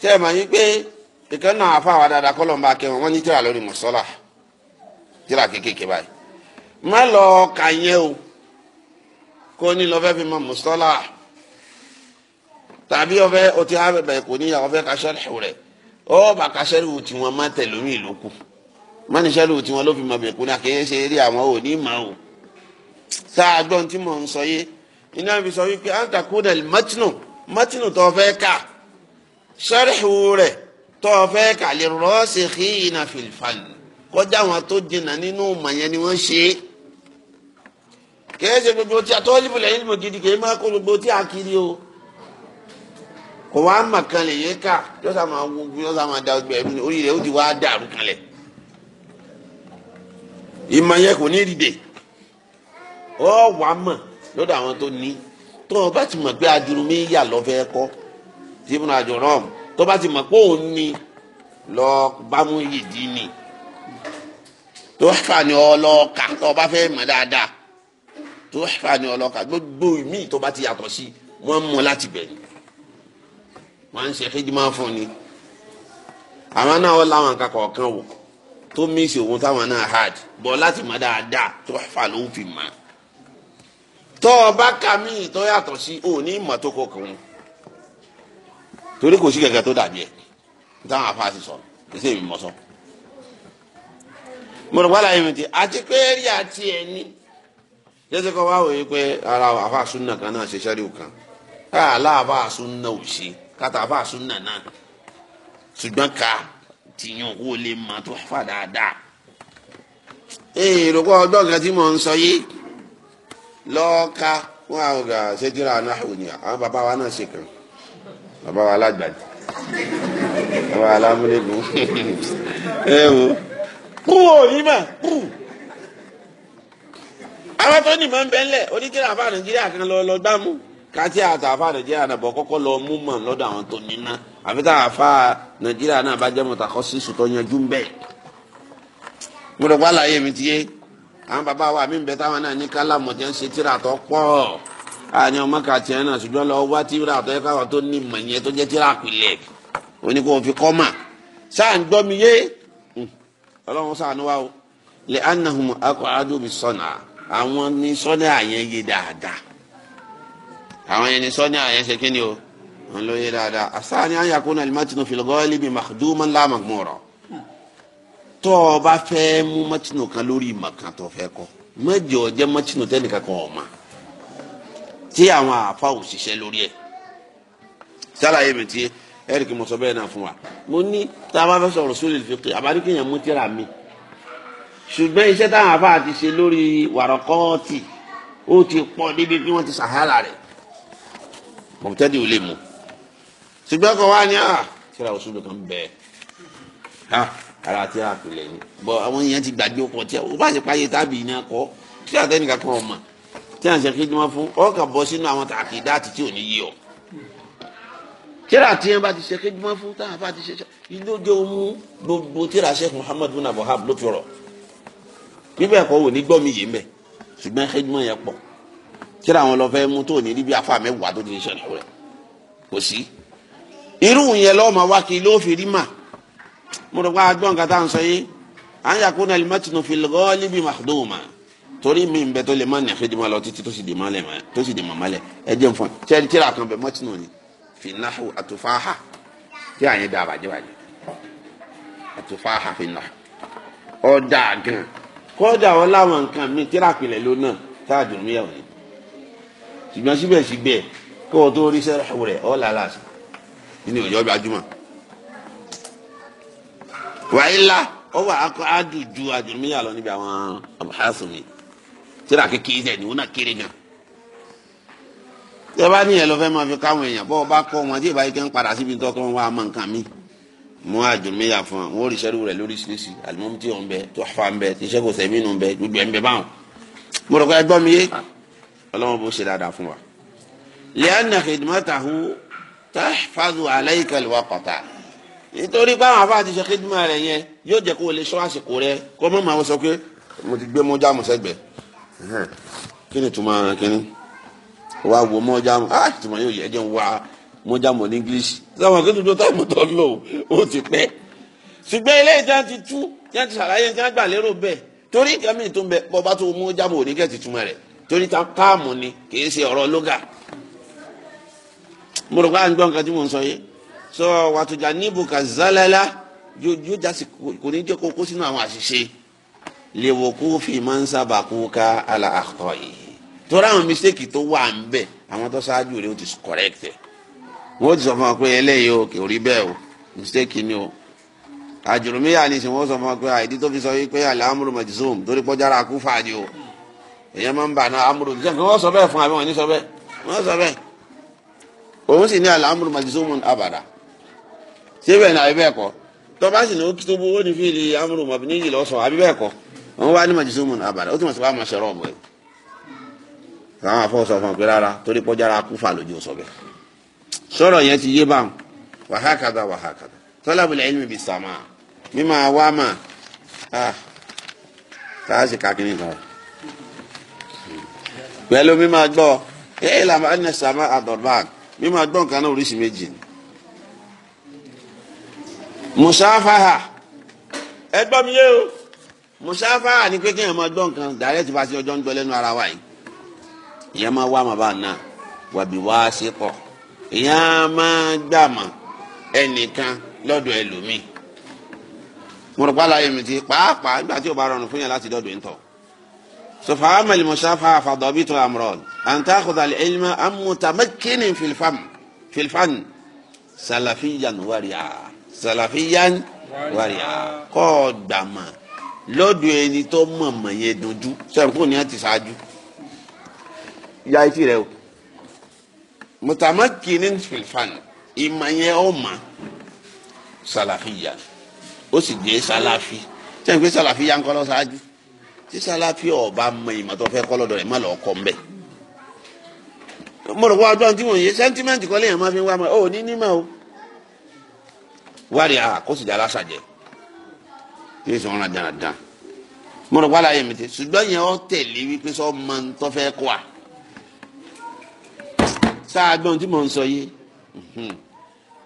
tẹ́ ẹ̀ máa yí pé ìkan náà àfa àwọn dáadáa wọn wọ́n lọ o ko ni lọ fi ka ọba kasẹ́rù tiwọn má tẹ̀lómi ìlókù mánìsẹ́rù tiwọn ló fi mọ bẹ̀kú náà kìí ṣe eré àwọn ò ní mọ̀ o sáà gbọ́n tí mò ń sọ yé iná fi sọ wípé anta kúnà mọ́tínù mọ́tínù tó fẹ́ kà sẹ́rìhù rẹ̀ tó fẹ́ kà lè rọ́ọ̀sì hìnnà fìlfàn kọjá àwọn tó jìnnà nínú mọ̀ yẹn ni wọ́n ṣe é kìí ṣe gbogbo tí a tọ́lífù lẹ́yìn mọ̀ gidi kìí má kó gbogbo tí a kiri o kò wá mà kan lè yé ká yóò sá máa wo yóò sá máa da ọgbẹ ẹnu orí rẹ ó ti wá dàrú kanlẹ̀ ìmọ̀ yẹn kò ní dìde ọ wà mọ̀ lọ́dọ̀ àwọn tó ní tó o bá ti mọ̀ pé adúrú mi yà lọ́fẹ́ kọ́ tí mo nà àjọ rọ̀ tó bá ti mọ̀ pé òun ni lọ bá mú yìí dì ní tó fà ní ọlọ́ọ̀ka tó o bá fẹ́ mọ̀ dáadáa tó fà ní ọlọ́ọ̀ka gbogbo ìmíì tó bá ti yàtọ̀ sí wọ́n mú láti bẹ̀rẹ̀ wọ́n ń ṣe hijima fún ni àwọn náà wọ́n láwọn nǹkan kọ̀ọ̀kan wò tó mísì òun táwọn náà hard bọ̀ láti má dáadáa tó fà ló fi má tọ́ ọ bá ka míì tó yàtọ̀ sí òní ìmọ̀ tó kọ̀ kan torí kò sí kẹ̀kẹ́ tó dàbí ẹ̀ táwọn afáàsì sọ kìsì èmi mọ sọ mọlọpàá yìí ti àti pé eré àti ẹni yẹsẹ kọ wá wòye pé ara àfáàsùn náà kan náà ṣe sẹríù kan káà láàbàásùn náà ò ṣe kátàfà súnà náà ṣùgbọ́n ká tìyàn kó lè mọ̀ tó fà dáadáa. ee rògbò ọjọ́ kan tí mò ń sọ yìí lọ́ọ́ka wọn àwọn ọ̀gá ṣẹ́jìrà anáhùn ni àwọn bàbá wa náà ṣe kàn bàbá wa alágbàdì bàbá wa alámúlẹ́gùn ẹ wo kú òní mà kú àwọn tó ní mọ̀ ń bẹ́ńlẹ̀ oníkìlá àbá nàìjíríà kan lọ lọ gbámú kátí àtàfà nàìjíríà náà bọ̀ kọ́kọ́ lọ mú mọ̀ lọ́dọ̀ àwọn tó níná àfi tá àfà nàìjíríà náà bá jẹ́ mọ̀tàkọ́ sí sùtọ́ yanjú ń bẹ̀. mo lọ wàhálà yé mi ti yé àwọn bàbá wa mi ń bẹ táwọn náà ní kálámù tí ń ṣe tíra tó pọ̀ àní ọmọ kàtí ẹ̀ náà ṣùgbọ́n lọ wá tíra tó yẹ káwọn tó ní mọ̀ yẹn tó jẹ́ tíra pilẹ̀ òní kò fi kọ́ sáà ń gbọ́ mi yé hmm. ọlọ́run sáà ní o lè anahum akọ adóbi sọ̀nà àwọn ní sọ́nà àyẹ̀yẹ dáadáa àwọn ẹni sọ́ni àyẹn ṣe kí ni o wọn ló yé dáadáa asáni ayakuna alimatinu filigọ́ọ́lì bíi mahduman lamagmọ́rọ̀ tó o bá fẹ́ mú matinu kan lórí ìmọ̀ kan tó fẹ́ kọ́ mẹ́jọ jẹ́ matinu tẹ́nìkan kan ọ̀ ma tí àwọn àfa ò ṣiṣẹ́ lórí ẹ̀ sálàyé mi ti eric mọ̀sọ́ bẹ́ẹ̀ náà fún wa mo ní tá a bá fẹ́ sọ̀rọ̀ sórí ìfikì àbáríkìyàn mú tíra mi ṣùgbọ́n iṣẹ́ táwọn àfa àti ṣe lórí wàrọ̀kọ́ọ̀tì ó ti pọ̀ débi bí wọ́n ti sàhálà rẹ̀ mọ̀tẹ́dì ò lè mú ṣùgbọ́n kọ́ wá ní à ah, tíra òṣùlù kan bẹ̀ ha ah, ara tí a pè lẹ́yìn bọ́ àwọn èèyàn ti gbàgbé ọkọ̀ tí a ó bá ṣe páyé tábì ní akọ tí àtẹnìkan kan ọmọ tí a ń ṣe kí ni wọ́n fún ọkà bọ́ sínú àwọn àkìdá àti tí ò ní yí ọ tíra tí yẹn bá ti ṣe kéjúmọ́ fún táwọn bá ti ṣe ṣe ìlójú ohun gbogbo tíra sheikh muhammad bin abdulhab ló fi rọ bíbẹ̀ ẹ̀kọ́ wò ní gbọ́ mi yìí mbẹ̀ ṣùgbọ́n kéjúmọ́ yẹn pọ̀ kíra àwọn lọ fẹ́ mú tó ní níbi afa mẹ́wàá tó ti ṣe ṣẹlẹ̀ rẹ̀ kò sí. irú yẹn lọ́ọ́ máa wá kí ló fi rí mà mo rò pé agbọ́n nǹkan tá à ń sọ yìí à ń yàgò náà limatinu fi lọ́ọ́ níbi màdùnmá torí mi bẹ tó lè má nà xidima lọ títí tó sì di malẹ tó sì di mamalẹ ẹ jẹ́ nfọn sẹ́ni tíra kan bẹ mọ́tínú ni fi atufaha tí a yẹn da bàjẹ́ bàjẹ́ atufaha fi nahu ọ̀ dà gan kọ́ da wọn láwọn nǹkan mi tíra pilẹ̀ lónà tá a dùn mí yà wọ́n yìí ṣùgbọ́n síbẹ̀síbẹ̀ kí wọ́n tó rí sẹ́rẹ̀hù rẹ̀ ọ́ làlásì nínú ìjọ gbajúmọ̀ wàhálà ó wà á kọ́ àdùjú àdùnmíyà lọ níbi àwọn àbáṣọ mi tíra kékeré dẹ̀ níwọ̀n náà kéré gan tẹ bá níyẹn lọ fẹ́ máa fi káwọn èèyàn bọ́ ọ bá kọ́ wọn tí ìbáyé kẹ́ ń padà síbi tó kọ́ wọn wá máa nǹkan mi mú àjùmíyà fún wọn wọn rí sẹ́rù rẹ̀ lóríṣiríṣi àlùmọ́mù tí ò ń bẹ tó fà ń bẹ tíṣẹ́ kò sẹ́mínú ń bẹ gbogbo ẹ̀ ń bẹ báwọn mo rò pé ẹgbọ́n mi yé ọlọ́wọ́n bó ṣe dáadáa fún wa. lianna khidmatahu tahfazu alayka alwaqta nítorí pé àwọn afáàtì ṣe khidma rẹ̀ yẹn yóò jẹ́ kó o lè ṣọ́ àsìkò rẹ kó mọ̀ máa sọ pé mo ti gbé mọ́jà mọ́ sẹ́gbẹ̀ẹ́ kí ni tuma kínní wa wo mọ́jà mọ́ ah tuma yóò yẹ ẹjẹ̀ ń wá mọ́jà mọ́ ní english sáwọn akéwìn tó táwọn mọ́tò lò ó ti pẹ́ ṣùgbọ́n ilé ìjà ti tú ìjà ti ṣàlàyé ìjà gbà lérò bẹ́ẹ̀ torí ìkàmì tó bọ́ bá tó mọ́jà mọ́ òní kẹ́ ti túmọ̀ rẹ̀ torí ta káàmù ni kì í ṣe ọ̀rọ̀ lóga mo rò pé à ń gbọ́ nǹkan tí mò ń sọ yìí sọ wàtújà níbù kà zálálá yóò jásí kò ní jẹ́ kókó sínú àwọn àṣìṣe lèwò kó fi máa ń sábà kó ká àlà àkọ́ yìí torí àwọn mistake tó wà ń bẹ̀ àwọn tó ṣáájú rẹ̀ ó ti correct ẹ̀ wọ́n ti sọ fún wa pé eléyìí o kò rí bẹ́ẹ̀ o mistake ni o àjùrùmíyà ni sì wọ́n sọ fún wa pé àìdí tó fi sọ wípé àlàámúrò majzum torí pọ́jára kú fàájì o èèyàn máa ń bà náà amúrò nìjẹ́ nǹkan wọ́n sọ bẹ́ẹ̀ fún àbí wọ́n ní sọ bẹ́ẹ̀ wọ́n sọ bẹ́ẹ̀ òun sì ní àlà amúrò màjísùmù àbàdà ṣé bẹ́ẹ̀ ni àbí bẹ́ẹ̀ kọ́ tó bá sì ní ó tó bó ní fi lè amúrò màbí níyì lọ́sọ̀ àbí bẹ́ẹ̀ kọ́ wọ́n wá ní màjísùmù àbàdà ó ti mọ̀ sí wàá máa ṣẹ̀rọ̀ ọ̀bọ̀ yìí àwọn afọ́sọ fún pé rárá torí pọ́jára kú fà lójú sọ bẹ́ẹ̀ sọ̀rọ̀ yẹn ti pẹ̀lú mímọ gbọ́ ẹ̀ eh, làmà ẹ̀ sàmà àdọ̀bàn mímọ gbọ́ nǹkan náà oríṣi méjì ni. musafaha ẹ gbọ́ mi yé o musafaha ni pé kéèyàn máa gbọ́ nǹkan direct bá ti ọjọ́ ń gbọ́ lẹ́nu ara wa yìí ìyẹn máa wá màbá náà wàbí wá sí pọ̀ ìyẹn máa gbàmọ̀ ẹnìkan lọ́dọ̀ ẹlòmíì mo rò pa láyé mi ti pàápàá nígbà tí ò bá rọrùn fún yàn láti dọ́dọ̀ ẹ̀ ń tọ̀ فعمل المشافعة فضابط أمران أن تأخذ العلم أم متمكن في الفم في الفن سلفيا ورعا سلفيا ورعا قدما lọ́dọ̀ ẹni tó mọ̀mọ̀ yẹn dojú sẹ́ǹkù ni wọ́n ti ṣáájú ya etí rẹ o mutamakinin filfan ìmọ̀ yẹn ó mọ̀ salafiya ó sì jẹ́ salafi sẹ́ǹkù salafiya ń kọ́ lọ ṣáájú tí sálàfí ọba mọ ìmọ̀ tó fẹ́ kọ́ lọ́dọ̀ rẹ̀ má lọ́ọ́ kọ́ mbẹ́. mo rò wá ọdún tí mo yẹ sẹ́ńtímẹ́ǹtì kọ́lé yẹn máa fi wá mọ́ ọ ní nímọ̀ o. wárí a ah, kó sì dára sàjẹ́ kí ẹ sọ wọn dára dán. mo rò wá láyé mi ti ṣùgbọ́n yẹn ọ tẹ̀lé wípé sọ ma ń a. sáà gbọ́n tí mo ń sọ yé hmm.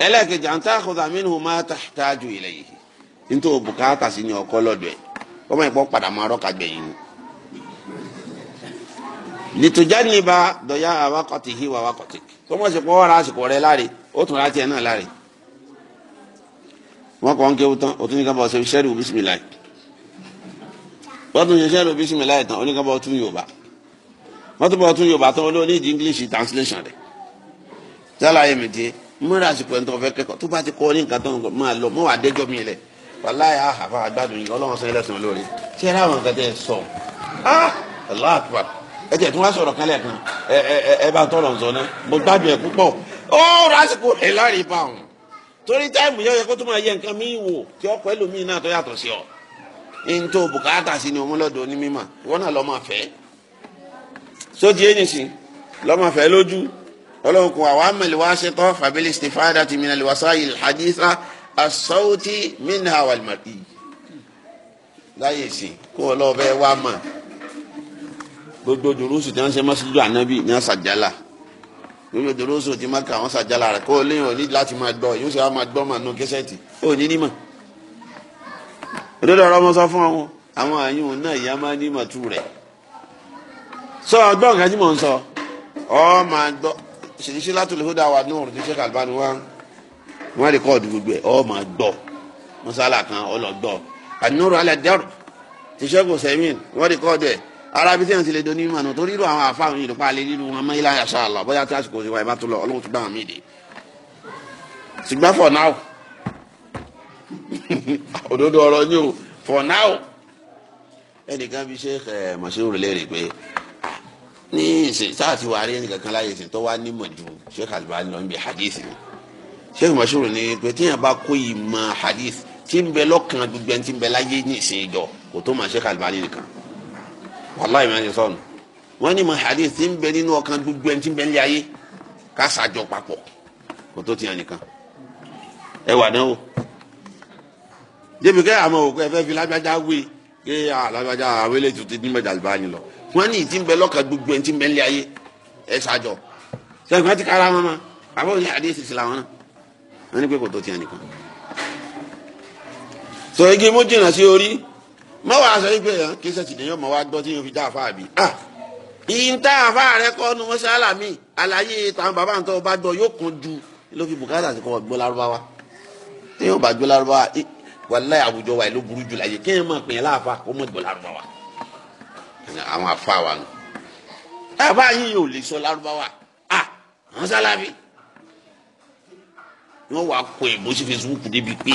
ẹlẹ́ẹ̀kejì àǹtá àkọ́tà mí ni mo máa tàjú ilẹ̀ yìí nítorí ni ọkọ́ lọ́dọ̀ ẹ̀ ọmọ ìbọn padà máa rọ́ọ̀kà gbẹ̀yìn ni. lìtùjánìba dọ̀yà awakọ̀tì hi wà wakọ̀tì kó mọ̀ sí pé wọ́n ra àsìkò rẹ láre ó tún ra tiẹ̀ náà láre. wọ́n kọ́ ń kéwu tán o tún ní ká bọ̀ ṣe sẹ́rù bisimilayi wọ́n tún ṣe sẹ́rù bisimilayi tán oníkàbọ̀ tún Yorùbá wọ́n tún bọ̀ tún Yorùbá tán olóò need English translation rẹ̀ sálàyé mi tiẹ̀ múra àsìkò ẹ̀ ń tọ́ fẹ́ kẹ́kọ̀ọ́ tó bá ti kọ́ ní nǹkan tó ń máa lọ mọ́ wàá dẹ́jọ́ mi lẹ̀ wàláyà ah, àbá àgbàdùn yìí ọlọ́run sẹ́yìn lẹ́sìn olóore ṣé ẹ láwọn nǹkan tẹ ẹ sọ ah, aláàpá ẹ jẹ tí wọn sọ̀rọ̀ kan lẹ́ẹ̀kan ẹ ẹ ẹ bá tọrọ nsọ náà mo gbádùn ẹ púpọ̀ ó rásìkò rẹ lárí bá wọn torí táìmù yẹn yẹ kó tó máa yẹ nǹkan míì wò tí ọkọ ẹlòmíì náà tó yàtọ̀ sí ọ n tó bùkátà sí ni òmùlọ́dọ̀ ní mímọ̀ wọn náà lọ́ fẹ́ sódì ẹ̀yìn sí lọ́ fẹ́ lójú ọlọ́run kò wá wàá mẹ́lẹ̀ wá ṣetán fàbílẹ̀ stéphane àti mìíràn lè wá sáyé asọ́wọ́tì minha wàlmàdì láyé sí kó o lọ́ọ́ fẹ́ wá mà gbogbo dùrúsù tí wọ́n ṣe mọ́sídùú ànábì ní wọ́n ṣàjálà gbogbo dùrúsù tí maka wọ́n ṣàjálà rẹ̀ kó o léyìn òní láti máa gbọ́ yóò ṣe wá máa gbọ́ màánú kẹsẹ̀tì ó ní nímọ̀ òdodo ọ̀rọ̀ ọmọ sọ fún àwọn àwọn àyùn náà ìyá máa ní màtú rẹ̀ sọ ọgbọ́n kan tí mò ń sọ ọ máa gbọ́ ṣèṣe látòlè fúdà wà ní òrùn tó ṣe kàlùbánu wá wọ́n rìkọ́ọ̀dù gbogbo ẹ̀ ọ́ máa gbọ́ mọ́sálà kan ọlọ́gbọ́ ànúrò alẹ́ dẹ́rù ti ṣẹ́gun sẹ́mìn wọ́n rìkọ́ọ̀dù ẹ̀ ara bí sẹ́yìn ti lè doni mọ̀ nù torí irú àwọn afáwọn yìí ló pa alẹ́ nínú wọn mọ́ ilá yàtọ̀ àlọ́ bóyá tí àsìkò ìwà ìbá tó lọ ọlọ́run ti gbà wọn míde ṣùgbọ́n for now òdodo ọ̀rọ̀ yìí o for now ẹnìkan bí ṣe ẹ mọ̀ṣẹ́rù léèrè pé ah, ní ìsìn sáà ti wà á rí ẹnìkan kan láyé ìsìn tó wá nímọ̀ ju ṣé kàlùbá lọ ń bẹ hadith ni sheikh mashour ni pé tíyàn bá kó ìmọ̀ hadith tí ń bẹ lọ́kàn gbogbo ẹni tí ń bẹ láyé ní ìsìn ìjọ kò tó máa sheikh albani nìkan wàláhì máa ń sọnù wọ́n ní ìmọ̀ hadith tí ń bẹ nínú ọkàn gbogbo ẹni tí ń bẹ ní ayé ká ṣàjọ papọ̀ kò tó tíyàn nìkan ẹ wà náà o débi kẹ́ àmọ́ òkú ẹ fẹ́ fi lágbájá wé ké alágbájá awélé tuntun ní mẹ́ta albani lọ wọ́n ní ìtí ń bẹ lọ́kàn gbogbo ẹni tí ń bẹ ní ayé ẹ ṣàjọ sẹ́gun ẹ ti kára wọn mọ́ àbọ̀ ní hadith ìsìlámù náà wọn ní pé kò tó tiẹ̀ nìkan. sọ igi mú jìnnà sí orí mọ wàá sọ wípé yẹn kí sẹ́sì lèyàn mọ wá gbọ́ tí yóò fi dá àfa àbí. Ah, ìyìn tá àfa rẹ kọ́ nu mọ́ṣálà mi àlàyé tàwọn bàbá àtọ́ ọba gbọ́ yóò kún ju ló fi bùkátà sí kọ́ gbọ́ lárúbáwá tí yóò bá gbọ́ lárúbáwá wàláyé àwùjọ wa ló burú jù láyé kéèyàn máa pè é láàfa kó mọ̀ gbọ́ lárúbáwá àwọn afa wa nù. àfa yìí yóò lè sọ lárúbáwá à ah, mọ́ṣálà bíi wọ́n wàá kọ èbó sí Facebook débi pé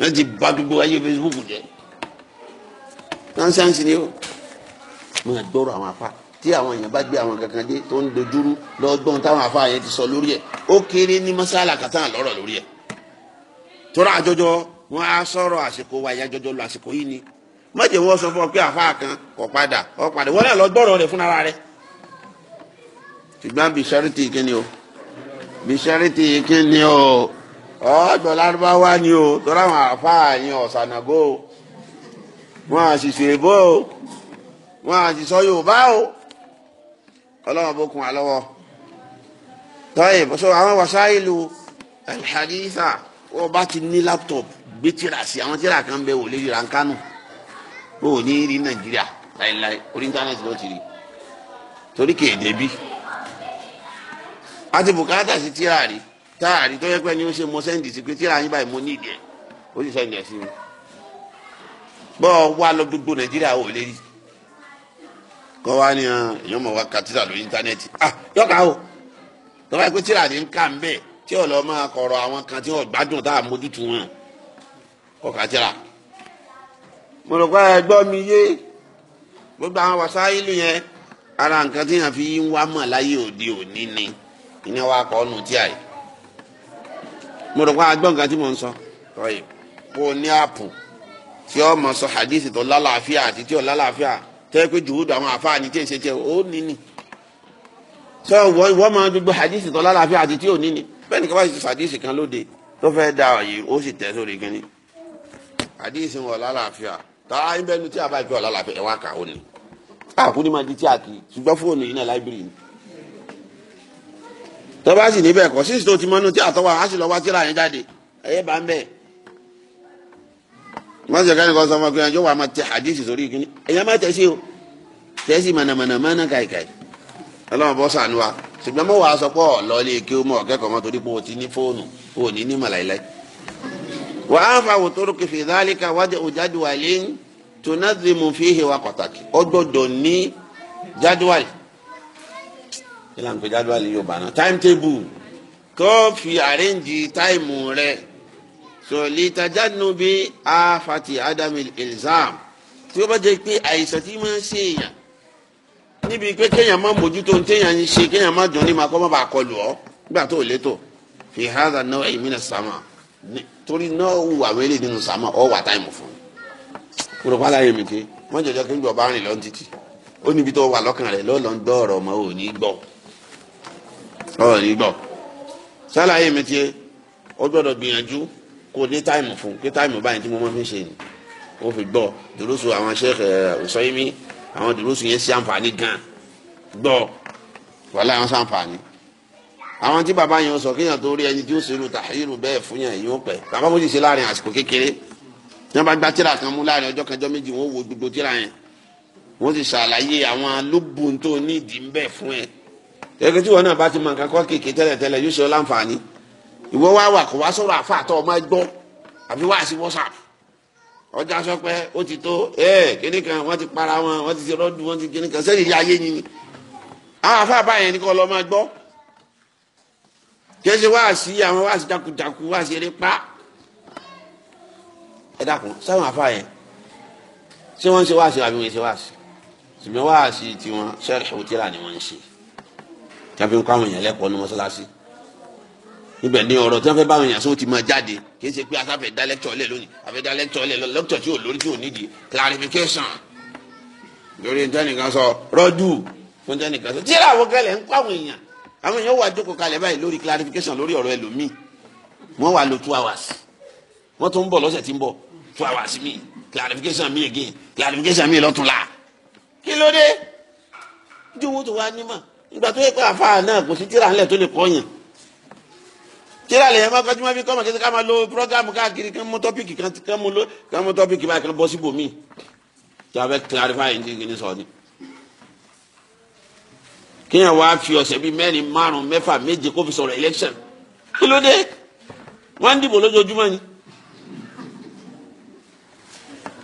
wọ́n ti bà gbogbo ayé Facebook jẹ́ nọ́ńsẹ́ǹsì ni ó máa gbọ́rọ̀ àwọn afá tí àwọn èèyàn bá gbé àwọn kankan dé tó ń dojúrú lọ́gbọ́n táwọn afá yẹn ti sọ lórí ẹ̀ ó kéré ní mọ́sálà kàtà lọ́rọ̀ lórí ẹ̀ tóra àjọjọ wọn á sọ̀rọ̀ àsìkò wa ìyá àjọjọ lọ àsìkò yìí ni mọ̀jẹ̀ wọ́n sọ fún ọ pé àfa kan kò padà ọ padà wọ́n náà lọ gbọ́rọ̀ rẹ̀ fúnra rẹ̀ ṣùgbọ́n bí sẹ́rìtì kí ni o bishariti kí ni o ọ̀dọ̀ lárúbáwá ni o tọ́lá àwọn àfáà yín ọ̀sánàgó wọn àṣìṣe èbó o wọn àṣìṣọ yorùbá o ọlọ́wọ́n bó kun àlọ́wọ́ tọ́yì bó so àwọn wasáìlú alhadisa wọ́n bá ti ní láptọ̀pù gbé tíra sí àwọn tíra kan bẹ́ẹ̀ wò lè ríra nkánú bó o ní rí nàìjíríà láìláì orí íńtánẹ́ẹ̀tì ló ti rí torí kéde bíi àti bùkátà sí tíra rí tíra rí tó yẹ pé ni ó ṣe mọ sẹ́ǹdì sí pé tíra yín báyìí mo ní ìdí ẹ̀ ó sì sẹ́ǹdì ẹ̀ sí mi bọ́ ọ lọ gbogbo nàìjíríà ò lè kọ́ wá ní ah, èèyàn mọ̀ wá ka lórí íńtánẹ́ẹ̀tì ah yọ̀ọ̀ká o tọ́ba yẹ pé tíra ní ń kà ń bẹ̀ tí ò lọ́ máa kọ̀rọ̀ àwọn kan tí wọ́n gbádùn tá a mójútu wọn kọ́ ka tíra mo rò pé ẹ gbọ́ mi yé gbogbo àwọn wàsáìlú yẹn ara nǹkan tí yàn fi ń wá mọ̀ láyé òde òní ni ìní wa kọ́ ọ́nù tí a yìí mo rò pé agbọ́n kan tí mo ń sọ tọ́yì kó o ní àpò tí ó mọ̀ sọ hadithi tó lálàáfíà àti tí ó lálàáfíà tẹ́ pé jùúdù àwọn àfáàní tí èsì tiẹ̀ ó níní sọ wọ́n máa gbogbo hadithi tó lálàáfíà àti tí ò níní bẹ́ẹ̀ ni kí wọ́n ti hadithi kan lóde tó fẹ́ da ọ̀yì ó sì tẹ̀ sórí kínní hadithi wọn lálàáfíà tá ń bẹ́ẹ̀ nu tí a bá gbé ọ̀ lálàáfíà ẹ̀ wá kà ó ní àkúni máa di tí a kì í ṣùgbọ́n fóònù yìí náà láìbírì ni tó bá sì níbẹ̀ kọ́ sísè tó ti mọ́nú tí àtọwà á sì lọ wá tíra yẹn jáde ẹ̀yẹ bá ń bẹ̀. wọ́n sì kẹ́ni kan sọ fún akínyàn yóò wá máa tẹ hadith sórí ìkíní ẹ̀yẹ má tẹ̀ sí o tẹ̀ sí mànàmáná mánà káìkáì ọlọ́run bọ́ sànú wa ṣùgbọ́n mo wàá sọ pé ọ̀lọ́lé kí ó mọ ọ̀kẹ́kọ̀ọ́ mọ́ torí pé o ní fóònù kílà ń pè jáde wà lè yorùbá náà time table kó fi àrẹ́ǹjì táìmù rẹ̀ so litajà nubi afati adami ilzam tí ó bá jẹ́ pé àìsàn tí máa ń ṣe èèyàn níbi pé kéèyàn má mójútó ní téèyàn ń ṣe kéèyàn má jọ ní ma kọ́ má bàa kọlù ọ́ nígbà tó létò fi hàdà náà ìmínà sàmà torí náà wù àwọn eléyìí nínú sàmà ọ̀ wà táìmù fún un. kúròpálá yẹn mi ké wọ́n jọjọ́ kí n gbọ̀ bá rìn lọ́n títì ó níbi tó wà lọ́kàn rẹ̀ lọ́ọ́ lọ́n gbọ́ ọ̀rọ̀ ọmọ òní gbọ́ ọ̀rọ̀ ní gbọ́ sálàyé mi tiẹ̀ ó gbọ́dọ̀ gbìyànjú kó ní táìmù fún kí táìmù báyìí tí mo máa fi ṣe ni ó fi gbọ́ dùrúsù àwọn sheikh ọ̀sọ́yìnmí eh, àwọn dùrúsù yẹn ṣe àǹfààní gan gbọ́ wàhálà àwọn ṣàǹfààní àwọn tí bàbá yẹn sọ kéèyàn tó rí ẹni tí ó ṣe irú tàhírù bẹ́ẹ̀ fún yẹn yóò pẹ́ bàbá mo ti ṣe láàrin àsìkò kékeré tí wọ́n bá gbá tíra kan mú láàrin ọjọ́ kanjọ́ méjì wọ́n wo gbogbo tíra yẹn wọ́n ti ṣàlàyé àwọn lóbùn tó ní ìdí ń bẹ fún ẹ tẹ́lẹ̀ tí wọn náà bá ti mọ nǹkan kọ́ kéèké tẹ́lẹ̀ tẹ́lẹ̀ yóò ṣe ọ láǹfààní ìwọ wá wà kó wá sọ̀rọ̀ àfa àtọ́ ọmọ gbọ́ àfi wá sí whatsapp ọjà sọ pé ó ti tó ẹ kíní kan wọ́n ti para wọn wọ́n ti ti rọ́ọ̀dù wọ́n ti kíní kan sẹ́yìn yáyé yín ni àwọn àfa àbáyẹn ní kọ́ lọ́ máa gbọ́ kẹ́sì wá sí àwọn wá sí jakujaku wá sí eré pa ẹ dákun sáwọn àfa yẹn ṣé wọ́n ń ṣe wá sí àbí wọ́n ń ṣe wá sí ṣùgbọ́n wá sí tiwọn ṣẹ́ẹ̀ṣẹ̀ òtíra ni wọ́n ń ṣe tí wọ́n fi ń kọ́ àwọn èèyàn lẹ́kọ̀ọ́ ní mọ́ṣáláṣí ibẹ̀ ni ọ̀rọ̀ tí wọ́n fẹ́ bá àwọn èèyàn sọ ti máa jáde kì í ṣe pé asáfẹ́ dá lẹ́kítọ̀ lẹ̀ lónìí àfẹ́ dá lẹ́kítọ̀ lẹ̀ lọ́kítọ̀ tí ò lórí tí ò nídìí clarification lórí ntẹ́nìkan sọ rọ́dù fún ntẹ́nìkan sọ tíyẹ́rẹ́ àwọn kẹlẹ̀ ń kọ́ àwọn èèyàn àwọn èèyàn wà jókòó kalẹ̀ báyìí lórí clarification lórí ọ̀rọ̀ ẹlòmíì wọ́n wà lo two hours wọ́n tún ń bọ̀ lọ́sẹ̀ tí ń bọ̀ two hours mi clarification mi again clarification mi lọ́tún la kí ló dé dúwó ìgbà tó yẹ pé àfáà náà kò sí tíra ńlẹ̀ tó lè kọ́yàn tíra lè yẹn máa kọjú máa fi kọ́mọ̀ kí ká máa lo prógámù káàkiri kán mú tọ́pìkì kan kán mú ló kán mú tọ́pìkì báyìí kán bọ́ síbò míì tí a fẹ́ clarify ní kíni sọ ni. kéèyàn wá fi ọ̀sẹ̀ bíi mẹ́rin márùn mẹ́fà méje kó fi sọ̀rọ̀ election kí ló dé wọ́n ń dìbò lójoojúmọ́ ni.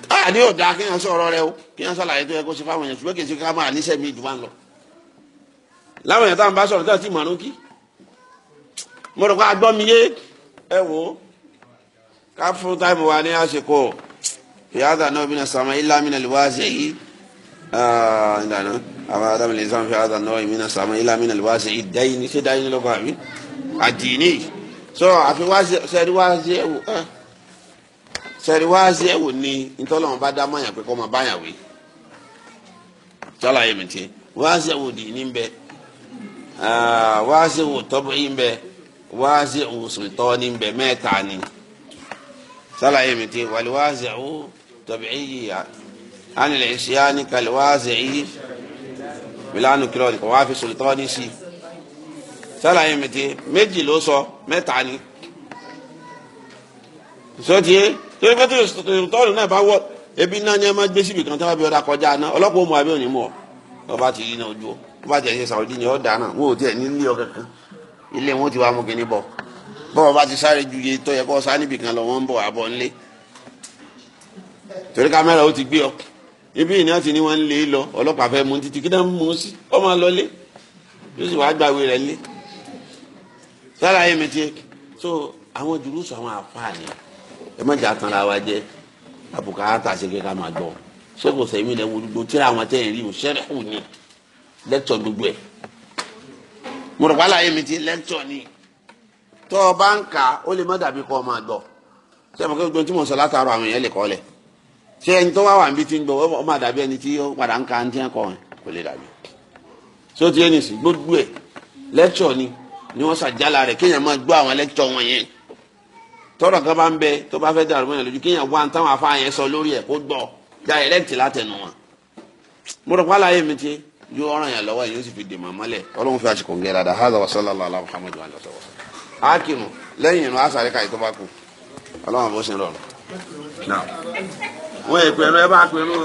a ní ọ̀dà kéèyàn sọ̀rọ̀ rẹ o kéèyàn sọ̀rọ̀ àyètò ẹ̀ kó ṣe fáwọn èèyàn ṣùgbọ́n kì í ṣe ká máa níṣẹ́ mi jù wá lọ láwọn èèyàn tá à ń bá sọ̀rọ̀ tá à ti mọ̀ àrùn kí mo rò pé agbọ́ mi yé ẹ wò ó ká fún táìmù wa ní àsìkò fìyàtà náà bí na sàmà ilá mi nà lè wá sí yìí ìlànà àwọn adámi lè sàmà fìyàtà náà mi nà sàmà ilá mi nà lè wá sí yìí dáyìí ní ṣé dáyìí ní lọ́kọ̀ àbí àdìní so àfi wá sẹ́ẹ̀dí wá sí ẹ̀wò ẹ̀ sẹ́ẹ̀dí wá sí ẹ̀wò ni ntọ́lọ́wọ́n bá dá mọ́yàn pé kọ́ máa báyàn wí tọ́lá yẹn mi tiẹ̀ wá sí ẹ̀wò dì ní bẹ́ẹ̀ wáásí wò tọ́bí ń bẹ wáásí wò sùntọ́ ní bẹ mẹ́ta ni sálàyé e mi e ti wàlí wáásí wò tọ́bí yíyá ánìlẹ̀ ìṣíá ní kàlí wáásí yí mílánù kìlọ̀ nìkan wá fi sùntọ́ ní sí sálàyé mi ti méjì ló sọ mẹ́ta ni sọtí tó yẹ kó sùntọ́ náà bá wọ ebi náà ni ẹ máa gbé síbi kan tó bá bí ọ̀dà kọjá náà ọlọ́pàá ó mọ àbí òní mọ̀ ọ bá ti rí náà ojú ọ wọ́n bá jẹ́ ṣe sàwọ́dí ni ọ́ dáná wọn ò tiẹ̀ ní ilé ọ kankan ilé wọn ti wá mú kínní bọ̀ bọ́ọ̀ bá ti sáré ju iye tó yẹ kó sá níbì kan lọ wọ́n ń bọ̀ àbọ̀ ńlé torí kámẹ́rà ó ti gbé ọ ibi ìní àti ni wọ́n ń lé lọ ọlọ́pàá fẹ́ mú títí kí náà mú sí ọmọ lọlé yóò sì wá gbàwé rẹ̀ lé sára ayé mi tiẹ̀ so àwọn jùlùsọ àwọn àfààní ẹ má jà tán ra jẹ àbùkà àtàṣe kéka máa gbọ́ ṣé mi lẹ́wọ́ gbogbo tíra àwọn tẹ̀yìn rí òṣèré hù ni lẹ́tọ̀ gbogbo ẹ̀ mo rò wàhálà yẹn mi ti lẹ́tọ̀ ni tọ́ ọ bá ń kà ó lè má dàbí kọ́ ọ máa gbọ́ ṣé mo kẹ́ gbogbo tí mo sọ látàárọ̀ àwọn èèyàn lè kọ́ lẹ̀ ṣé ẹni tó wá wà níbi tí ń gbọ́ ọ máa dàbí ẹni tí ó padà ń ka ẹni tí ń kò lè dàbí so ti ẹni sìn gbogbo ẹ̀ lẹ́tọ̀ ni ni wọ́n ṣàjálà rẹ̀ kéèyàn máa gbọ́ àwọn lẹ́tọ̀ wọn yẹn tọ́rọ̀ kan bá ń bẹ tó bá fẹ́ dàrú mọ́yàn lójú kéèyàn wá táwọn afáàyàn sọ yóò ràn yàn lọ́wọ́ yóò sì fi dèmọ̀ mọ́lẹ̀ ọlọ́run fi àsìkò ń gẹ̀ dáadáa hàdà wa sallallahu ala muhammadu wa sallam. a kìnnù lẹ́yìn inú àṣà àríkà ìtọ́ bá kú ọlọ́run bó ṣe wọ́n èpè ẹ̀rọ ẹ bá pinnu.